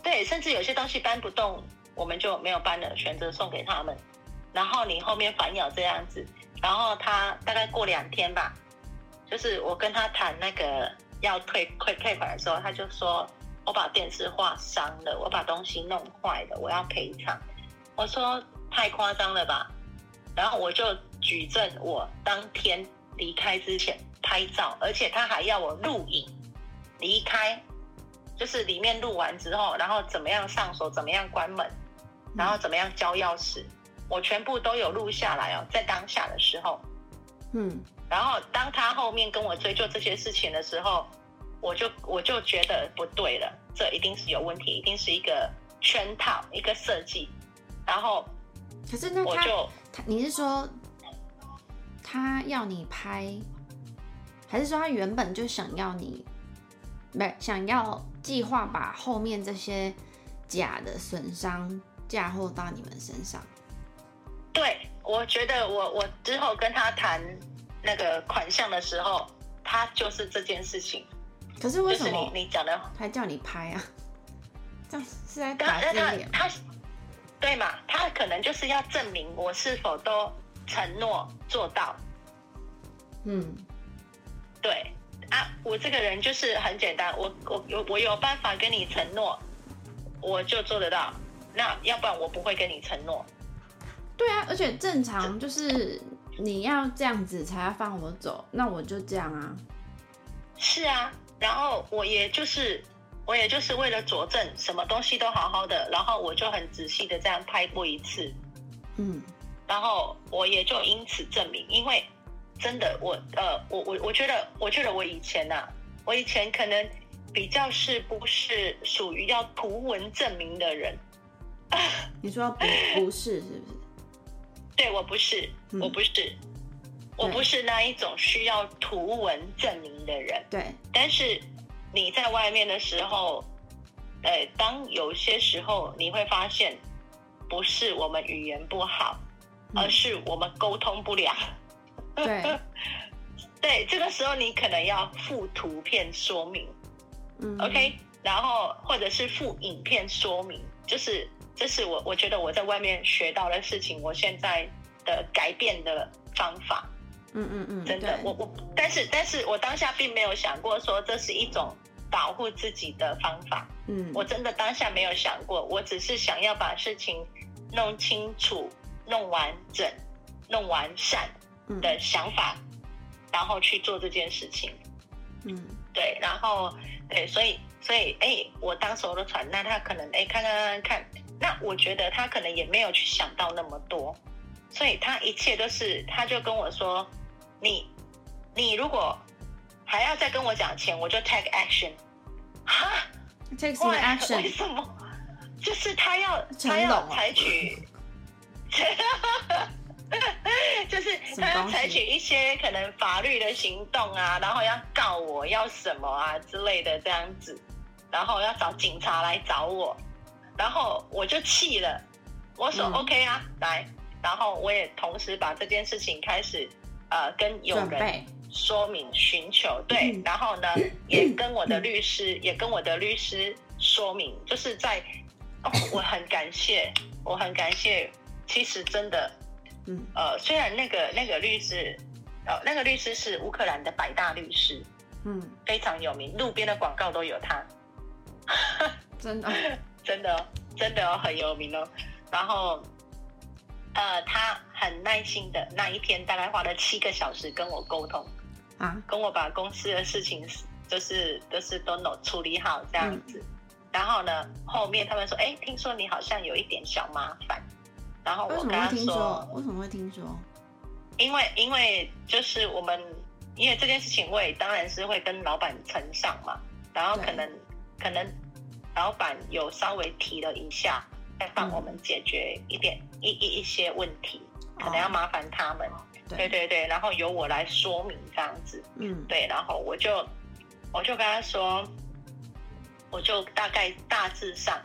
對，甚至有些東西搬不動，我們就沒有搬了，選擇送給他們。然後你後面反咬這樣子，然後他大概過兩天吧，就是我跟他談那個。要退退退款的時候，他就說：“我把電視劃傷了，我把東西弄壞了，我要賠償。”我說：“太誇張了吧？”然後我就舉證，我當天離開之前拍照，而且他還要我錄影離開，就是裡面錄完之後，然後怎麼樣上鎖，怎麼樣關門，然後怎麼樣交鑰匙、嗯，我全部都有錄下來哦，在當下的時候，嗯。然後，當他後面跟我追究這些事情的時候，我就我就覺得不對了，這一定是有問題，一定是一個圈套，一個設計。然後，可是呢，我就他，你是說他要你拍，還是說他原本就想要你，沒想要計劃把後面這些假的損傷嫁禍到你們身上？對，我覺得我我之後跟他談。那個款項的時候，他就是這件事情。可是為什麼？你講的還叫你拍啊，是啊。他他，對嘛？他可能就是要證明我是否都承諾做到。嗯對，對啊，我這個人就是很簡單，我我有我有辦法跟你承諾，我就做得到。那要不然我不會跟你承諾。對啊，而且正常就是。你要這樣子才要放我走，那我就這樣啊。是啊，然後我也就是，我也就是為了佐證什麼東西都好好的，然後我就很仔細的這樣拍過一次，嗯，然後我也就因此證明，因為真的我呃，我我我覺得我覺得我以前吶、啊，我以前可能比較是不是屬於要圖文證明的人，你說不不是是不是？ 對我不是，我不是，嗯，我不是那一種需要圖文證明的人。對，但是你在外面的時候，哎，當有些時候你會發現，不是我們語言不好，嗯，而是我們溝通不了。對， 對，這個時候你可能要附圖片說明，嗯，OK，然後或者是附影片說明，就是。這是我我覺得我在外面學到的事情，我現在的改變的方法，嗯嗯嗯，真的，我我但是但是我當下並沒有想過說這是一種保護自己的方法，嗯，我真的當下沒有想過，我只是想要把事情弄清楚、弄完整、弄完善的想法，嗯、然後去做這件事情，嗯，對，然後對，所以所以哎，我當時候的船，那他可能哎，看看看看。看那我覺得他可能也沒有去想到那麼多，所以他一切都是他就跟我說，你你如果還要再跟我講錢，我就 take action。哈，take action 為什麼？就是他要他要採取，哈哈哈，就是他要採取一些可能法律的行動啊，然後要告我要什麼啊之類的這樣子，然後要找警察來找我。然後我就氣了，我說 OK 啊、嗯，來，然後我也同時把這件事情開始呃跟有人說明，尋求對、嗯，然後呢、嗯、也跟我的律師、嗯、也跟我的律師說明，就是在、哦、我很感謝， 我很感謝，其實真的，嗯呃雖然那個那個律師、哦、那個律師是烏克蘭的百大律師，嗯非常有名，路邊的廣告都有他，真的。 真的、喔，真的、喔、很有名哦，喔。然後，呃，他很耐心的那一天，大概花了七個小時跟我溝通，啊，跟我把公司的事情、就是，就是都是都處理好這樣子、嗯。然後呢，後面他們說，哎、欸，聽說你好像有一點小麻煩。然後我跟他說、說，為什麼會聽說？因為，因為就是我們，因為這件事情，我也當然是會跟老闆呈上嘛。然後可能，可能。老闆有稍微提了一下，再幫我們解決一點、嗯、一一一些問題，可能要麻煩他們、哦對。對對對，然後由我來說明這樣子。嗯，對，然後我就我就跟他說，我就大概大致上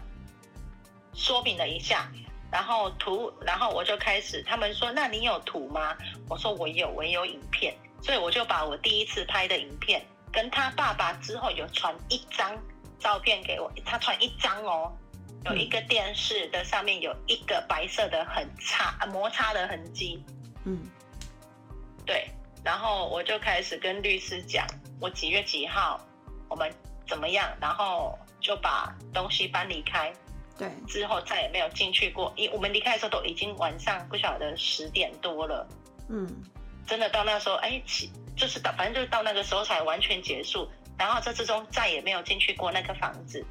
說明了一下，然後圖，然後我就開始，他們說，那你有圖嗎？我說我有，我有影片，所以我就把我第一次拍的影片跟他爸爸之後有傳一張。照片給我，他傳一張，哦，有一個電視的上面有一個白色的很擦啊摩擦的痕跡，嗯，對，然後我就開始跟律師講，我幾月幾號，我們怎麼樣，然後就把東西搬離開，對，之後再也沒有進去過，因為我們離開的時候都已經晚上不曉得十點多了，嗯，真的到那時候哎，就是到反正就是到那個時候才完全結束。然後這之中再也沒有進去過那個房子，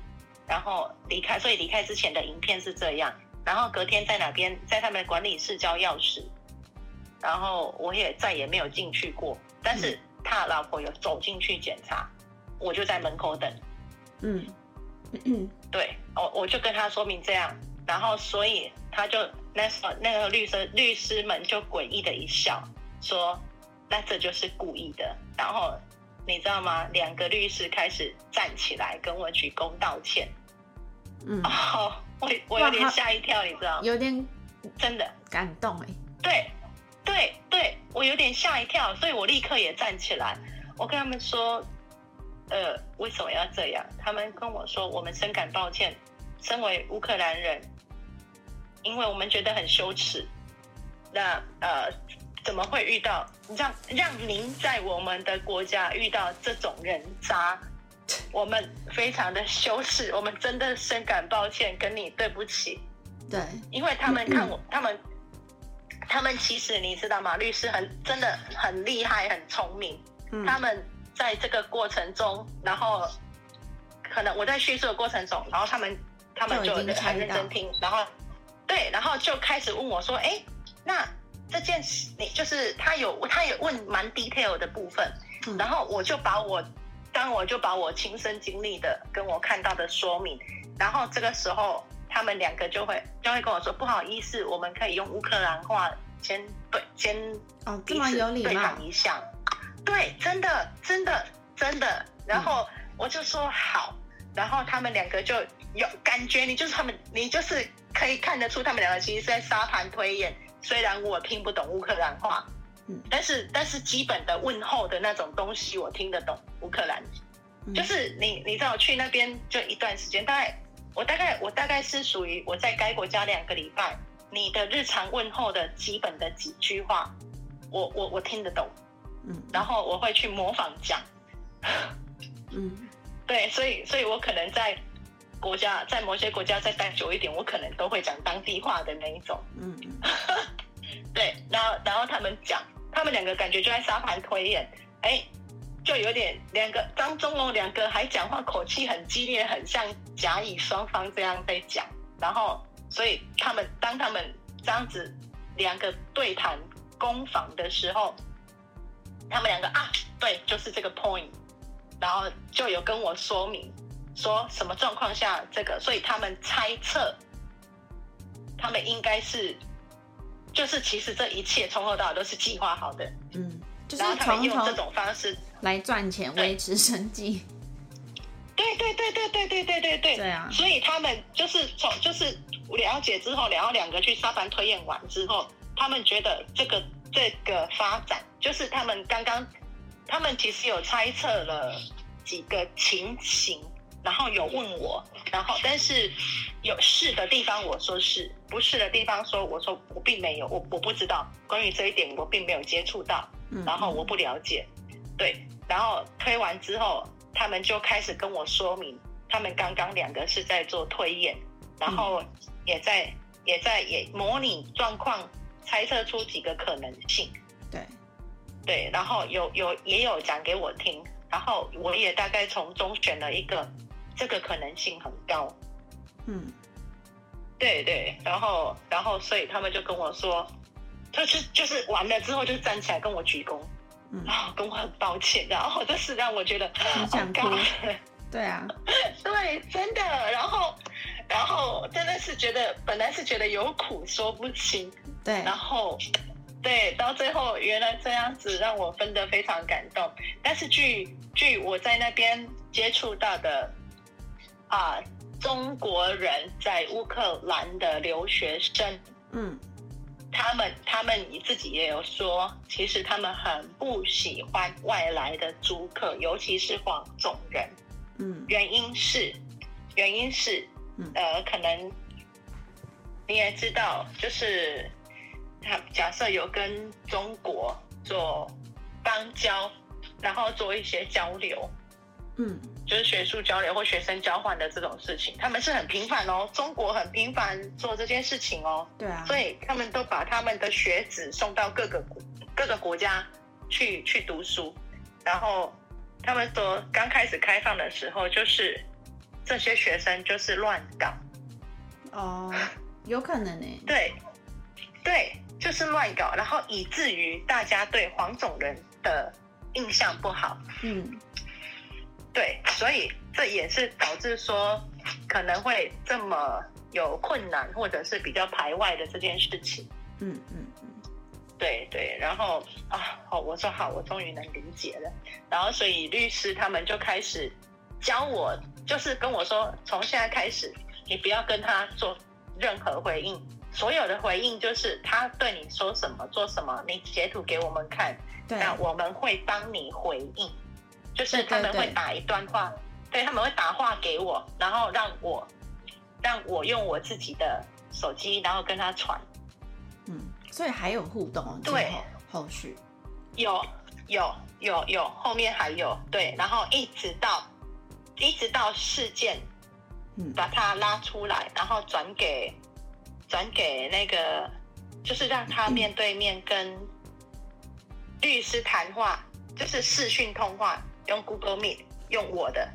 然後離開，所以離開之前的影片是這樣。然後隔天在哪邊，在他們的管理室交鑰匙，然後我也再也沒有進去過。但是他老婆有走進去檢查，我就在門口等。嗯嗯，對，我我就跟他說明這樣，然後所以他就那時候那個律師律師們就詭異的一笑，說，那這就是故意的，然後。你知道嗎？兩個律師開始站起來跟我鞠躬道歉。嗯。哦，我我有點嚇一跳，你知道嗎？有點真的感動哎。對，對，對，我有點嚇一跳，所以我立刻也站起來。我跟他們說，呃，為什麼要這樣？他們跟我說，我們深感抱歉。身為烏克蘭人，因為我們覺得很羞恥。那呃。怎麼會遇到讓讓您在我們的國家遇到這種人渣？我們非常的羞恥，我們真的深感抱歉，跟你對不起。對。嗯，因為他們看我，他們他們其實你知道嗎？嗯。律師很真的很厲害，很聰明，嗯。他們在這個過程中，然後可能我在敘述的過程中，然後他們他們就很認真聽，然後對，然後就開始問我說：“哎，欸，那？”這件事，你就是他有，他有問蠻 detail 的部分，嗯，然後我就把我，當我就把我親身經歷的跟我看到的說明，然後這個時候他們兩個就會就會跟我說，不好意思，我們可以用烏克蘭話先對先。哦，這麼有禮貌。對，真的真的真的，然後我就說好，嗯、然後他們兩個就有感覺，你就是他們，你就是可以看得出他們兩個其實是在沙盤推演。雖然我聽不懂烏克蘭話，嗯，但是但是基本的問候的那種東西我聽得懂烏克蘭，嗯，就是你你知道我去那邊就一段時間，大概我大概我大概是屬於我在該國家兩個禮拜，你的日常問候的基本的幾句話，我我我聽得懂，嗯，然後我會去模仿講， 嗯，對，所以所以我可能在，國家在某些國家再待久一點，我可能都會講當地話的那一種。嗯， 對，然後然後他們講，他們兩個感覺就在沙盤推演，哎、欸，就有點兩個張中龍兩個還講話口氣很激烈，很像甲乙雙方這樣在講。然後，所以他們當他們這樣子兩個對談攻防的時候，他們兩個啊，對，就是這個 point，然後就有跟我說明。說什麼狀況下這個？所以他們猜測，他們應該是，就是其實這一切從頭到尾都是計劃好的，嗯，就是，然後他們用這種方式來賺錢維持生計。對對對對對對對對對，對啊！所以他們就是從就是了解之後，然後兩個去沙盤推演完之後，他們覺得這個這個發展，就是他們剛剛他們其實有猜測了幾個情形。然後有問我，然後但是有是的地方我說是，不是的地方說我說我並沒有，我我不知道關於這一點我並沒有接觸到，然後我不了解，對，然後推完之後他們就開始跟我說明，他們剛剛兩個是在做推演，然後也在、嗯、也在，也在，也模擬狀況，猜測出幾個可能性，對，對，然後有有也有講給我聽，然後我也大概從中選了一個。這個可能性很高，嗯，對對，然後然後，所以他們就跟我說，就是就，就是完了之後就站起來跟我鞠躬，嗯，然後跟我很抱歉，然後這是讓我覺得很高，哦 God. 對啊 ，對，真的，然後然後真的是覺得本來是覺得有苦說不清，對，然後對到最後原來這樣子讓我分得非常感動，但是據據我在那邊接觸到的。啊，中國人在烏克蘭的留學生，嗯，他們他們你自己也有說，其實他們很不喜歡外來的租客，尤其是黃種人，嗯，原因是原因是，嗯，呃，可能你也知道，就是他假設有跟中國做邦交，然後做一些交流，嗯。就是學術交流或學生交換的這種事情，他們是很頻繁哦。中國很頻繁做這件事情哦。對啊，所以他們都把他們的學子送到各個國、各個國家去去讀書。然後他們說，剛開始開放的時候，就是這些學生就是亂搞。哦，有可能呢？ 對，對，就是亂搞，然後以至於大家對黃種人的印象不好。嗯。對，所以這也是導致說可能會這麼有困難，或者是比較排外的這件事情。嗯嗯嗯，對對。然後啊，好、哦，我說好，我終於能理解了。然後，所以律師他們就開始教我，就是跟我說，從現在開始，你不要跟他做任何回應，所有的回應就是他對你說什麼做什麼，你截圖給我們看，對，那我們會幫你回應。就是他們會打一段話。對對對，對，他們會打話給我，然後讓我讓我用我自己的手機，然後跟他傳。嗯，所以還有互動對，之後，後續有有有有，後面還有對，然後一直到一直到事件，嗯，把他拉出來，然後轉給轉給那個，就是讓他面對面跟律師談話，嗯，就是視訊通話。用 Google Meet，用我的，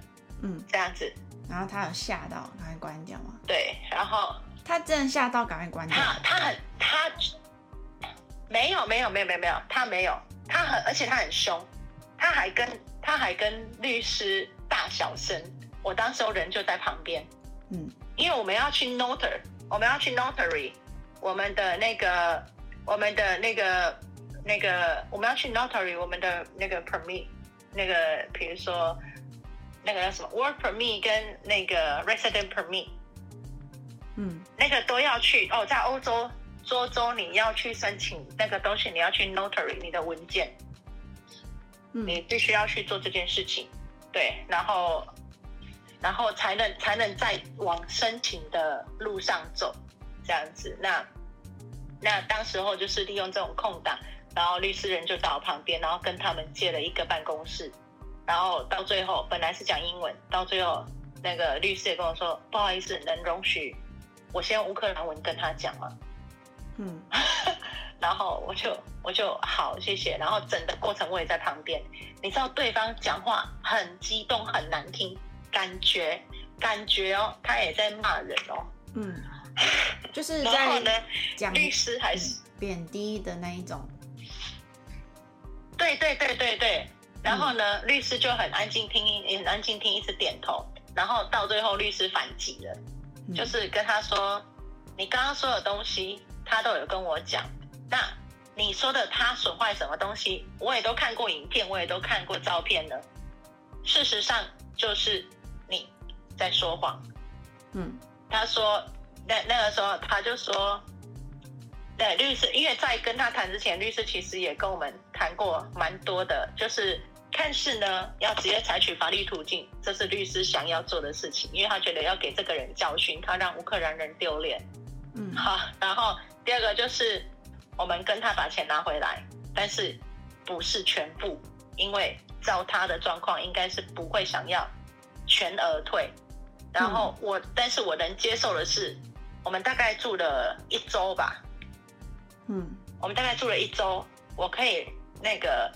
嗯，這樣子。然後他有嚇到，趕快關掉嗎？對，然後他真的嚇到，趕快關掉。他他很他，他沒有沒有沒有沒有沒有，他沒有，他很而且他很凶，他還跟他還跟律師大小聲。我當時人就在旁邊，嗯，因為我們要去 Notary，我們要去 Notary，我們的那個我們的那個那個我們要去 Notary，我們的那個 permit。那個，比如說，那個叫什麼 “work permit” 跟那個 “resident permit”，嗯，那個都要去哦，在歐洲、歐洲，你要去申請那個東西，你要去 notary 你的文件，嗯、你必須要去做這件事情，對，然後，然後才能才能再往申請的路上走，這樣子。那，那當時候就是利用這種空檔。然後律師人就到我旁邊，然後跟他們借了一個辦公室，然後到最後本來是講英文，到最後那個律師也跟我說，不好意思，能容許我先用烏克蘭文跟他講嗎？嗯， 然後我就我就好謝謝，然後整個過程我也在旁邊，你知道對方講話很激動很難聽，感覺感覺哦他也在罵人哦，嗯，就是在 然後呢講律師還是、嗯、貶低的那一種。對對對對對，然後呢，嗯、律師就很安靜聽，也很安靜聽，一直點頭。然後到最後，律師反擊了，嗯，就是跟他說：“你剛剛說的東西，他都有跟我講。那你說的他損壞什麼東西，我也都看過影片，我也都看過照片了。事實上，就是你在說謊。”嗯，他說：“那那個時候，他就說，對，律師因為在跟他談之前，律師其實也跟我們。”談過蠻多的，就是看似呢，要直接採取法律途徑，這是律師想要做的事情，因為他覺得要給這個人教訓他，他讓烏克蘭人丟臉。嗯，好，然後第二個就是我們跟他把錢拿回來，但是不是全部，因為照他的狀況應該是不會想要全額退。然後我、嗯，但是我能接受的是，我們大概住了一周吧。嗯，我們大概住了一周，我可以。那個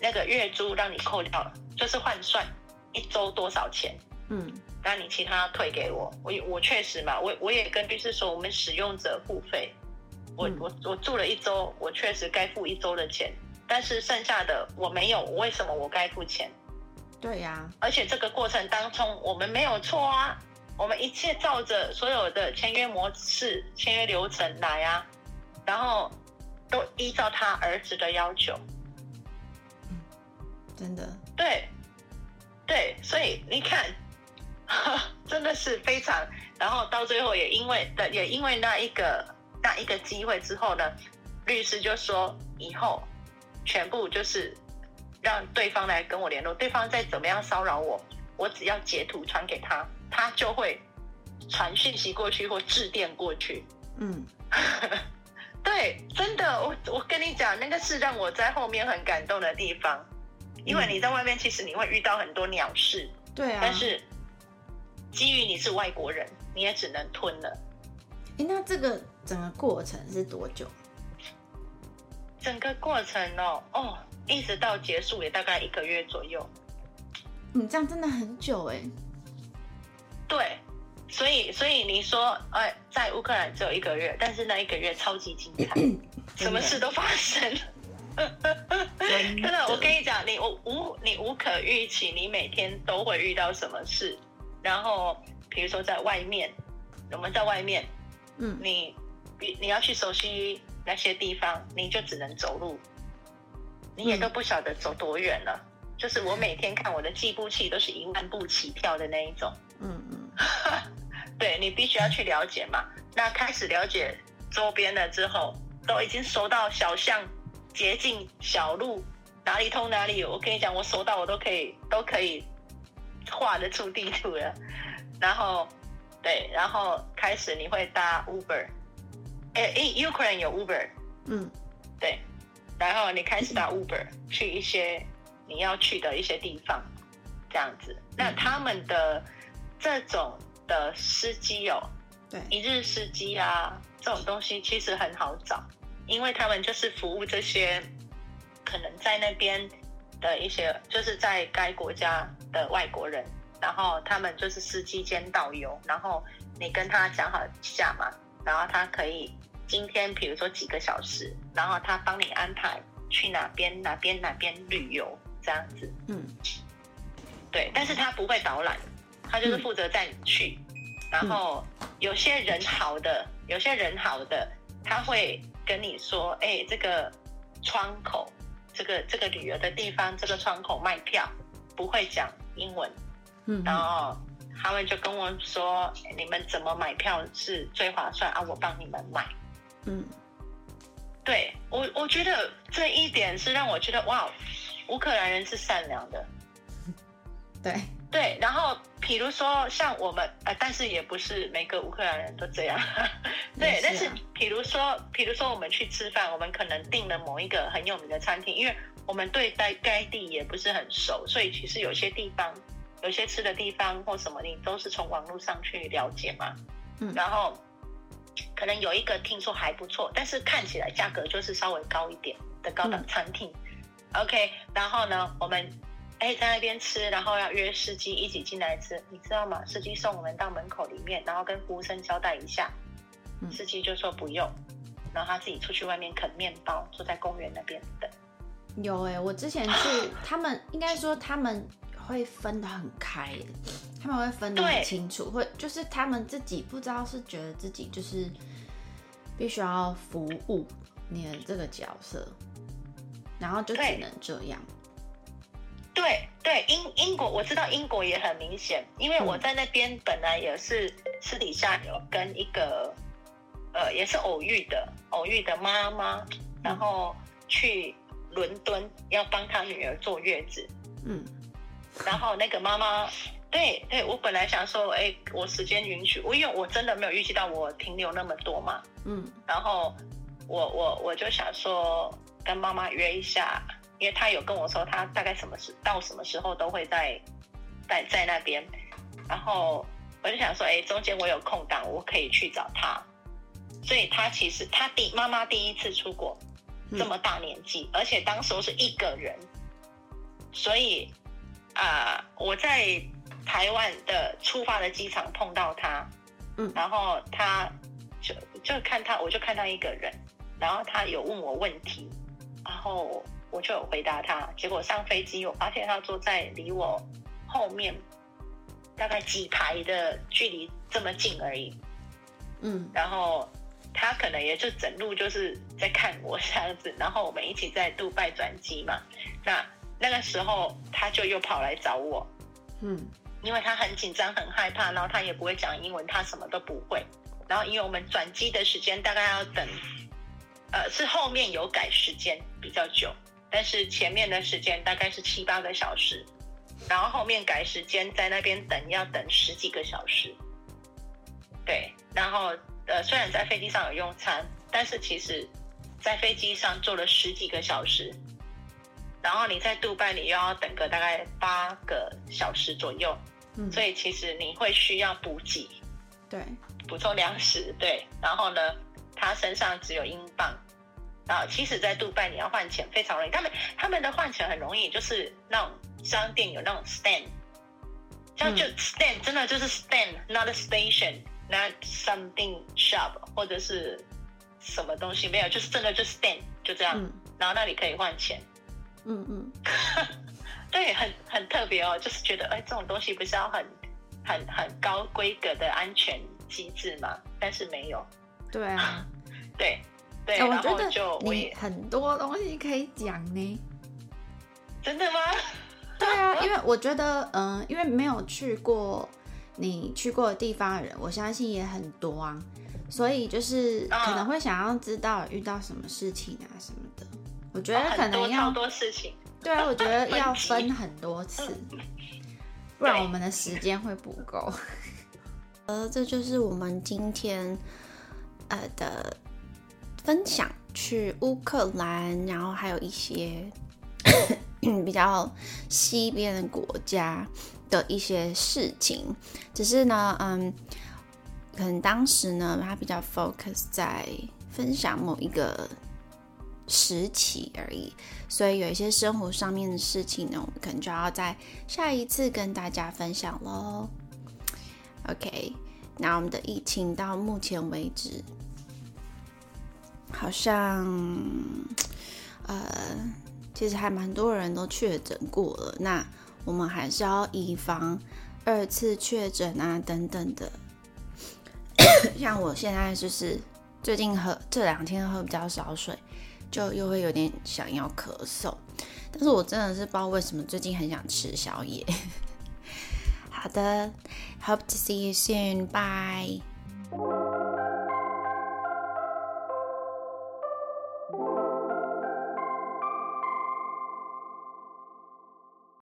那個月租讓你扣掉了，就是換算一周多少錢？嗯，那你其他退給我，我我確實嘛，我我也跟律師說，我們使用者付費，我、嗯、我我住了一周，我確實該付一周的錢，但是剩下的我沒有，我為什麼我該付錢？對呀、啊，而且這個過程當中我們沒有錯啊，我們一切照着所有的簽約模式、簽約流程來啊，然後。都依照他兒子的要求，嗯，真的，對，對，所以你看，真的是非常，然後到最後也因為也因為那一個那一個機會之後呢，律師就說以後全部就是讓對方來跟我聯絡，對方再怎麼樣騷擾我，我只要截圖傳給他，他就會傳訊息過去或致電過去，嗯。 對，真的，我我跟你講，那個是讓我在後面很感動的地方，嗯，因為你在外面其實你會遇到很多鳥事，對啊，但是基於你是外國人，你也只能吞了。哎，那這個整個過程是多久？整個過程哦哦，一直到結束也大概一個月左右。嗯，這樣真的很久哎。對。所以，所以你說，哎、啊，在烏克蘭只有一個月，但是那一個月超級精彩，咳咳什麼事都發生了。咳咳 真的，我跟你講，你我無你無可預期，你每天都會遇到什麼事。然後，比如說在外面，我們在外面，嗯，你你要去熟悉那些地方，你就只能走路，你也都不曉得走多遠了，嗯。就是我每天看我的計步器，都是一萬步起跳的那一種，嗯。對，你必須要去了解嘛。那開始了解周邊了之後，都已經熟到小巷、捷徑、小路，哪裡通哪裡。我跟你講，我熟到我都可以，都可以畫得出地圖了。然後，對，然後開始你會搭 Uber，誒、欸欸，Ukraine 有 Uber，嗯，對。然後你開始搭 Uber 去一些你要去的一些地方，這樣子。那他們的這種。的司機有，哦，對，一日司機啊，這種東西其實很好找，因為他們就是服務這些可能在那邊的一些，就是在該國家的外國人，然後他們就是司機兼導遊，然後你跟他講好下嘛，然後他可以今天比如說幾個小時，然後他幫你安排去哪邊哪邊哪邊旅遊這樣子，嗯，對，但是他不會導覽。他就是負責帶你去，嗯，然後有些人好的，有些人好的，他會跟你說，哎，這個窗口，這個這個旅遊的地方，這個窗口賣票，不會講英文，嗯，然後他們就跟我說，你們怎麼買票是最划算啊？我幫你們買，嗯，對，我我覺得這一點是讓我覺得哇，烏克蘭人是善良的，對。對，然後比如說像我們，呃，但是也不是每個烏克蘭人都這樣。 對、啊，但是比如說，比如說我們去吃飯，我們可能訂了某一個很有名的餐廳，因為我們對該該地也不是很熟，所以其實有些地方、有些吃的地方或什麼，你都是從網絡上去了解嘛。嗯。然後，可能有一個聽說還不錯，但是看起來價格就是稍微高一點的高檔餐廳。嗯、OK，然後呢，我們。哎、欸，在那邊吃，然後要約司機一起進來吃，你知道嗎？司機送我們到門口裡面，然後跟服務生交代一下，嗯、司機就說不用，然後他自己出去外面啃麵包，坐在公園那邊等。有哎、欸，我之前是 他們，應該說他們會分得很開，他們會分得很清楚，會就是他們自己不知道是覺得自己就是必須要服務你的這個角色，然後就只能這樣。對對，英英國我知道英國也很明顯，因為我在那邊本來也是私底下有跟一個，呃，也是偶遇的偶遇的媽媽，然後去倫敦要幫她女兒坐月子，嗯，然後那個媽媽，對對，我本來想說，哎，我時間允許，我因為我真的沒有預計到我停留那麼多嘛，嗯，然後我我我就想說跟媽媽約一下。因為他有跟我說，他大概什麼時到什麼時候都會在，在在那邊，然後我就想說，哎，中間我有空檔，我可以去找他。所以他其實他第媽媽第一次出國，這麼大年紀，嗯，而且當時是一個人，所以啊，呃，我在台灣的出發的機場碰到他，嗯，然後他就就看他，我就看到一個人，然後他有問我問題，然後。我就有回答他。結果上飛機，我發現他坐在離我後面大概幾排的距離這麼近而已。嗯，然後他可能也就整路就是在看我這樣子，然後我們一起在杜拜轉機嘛。那那個時候他就又跑來找我，嗯，因為他很緊張很害怕，然後他也不會講英文，他什麼都不會。然後因為我們轉機的時間大概要等，呃，是後面有改時間比較久。但是前面的時間大概是七八個小時，然後後面改時間，在那邊等要等十幾個小時。對，然後呃，雖然在飛機上有用餐，但是其實，在飛機上坐了十幾個小時，然後你在杜拜你又要等個大概八個小時左右，嗯、所以其實你會需要補給，對，補充糧食，對，然後呢，他身上只有英鎊。啊，其實，在杜拜你要換錢非常容易。他們他們的換錢很容易，就是那種商店有那種 stand，這樣就 stand 真的，就是 stand，not a、嗯、station，not something shop，或者是什麼東西沒有，就是真的就 stand，就這樣，嗯、然後那裡可以換錢。嗯嗯， 對，很很特別哦，就是覺得哎，這種東西不是要很很很高規格的安全機制嗎？但是沒有，對啊， 對。我覺得你很多東西可以講呢？真的嗎？對啊， 因為我覺得，嗯、呃，因為沒有去過你去過的地方的人，我相信也很多，啊，所以就是可能會想要知道遇到什麼事情啊什麼的。我覺得可能要，哦、多，多事情， 對啊，我覺得要分很多次，不 然，嗯、我們的時間會不夠。而、 呃、這就是我們今天呃的。分享去烏克蘭，然後還有一些 比較西邊的國家的一些事情。只是呢，嗯，可能當時呢，他比較 focus 在分享某一個時期而已。所以有一些生活上面的事情呢，我們可能就要在下一次跟大家分享咯。OK，那我們的疫情到目前為止。好像，呃，其實還蠻多人都確診過了，那我們還是要以防二次確診啊，等等的。 像我現在就是最近喝，這兩天喝比較少水，就又會有點想要咳嗽。但是我真的是不知道為什麼最近很想吃宵夜。 好的，Hope to see you soon, Bye.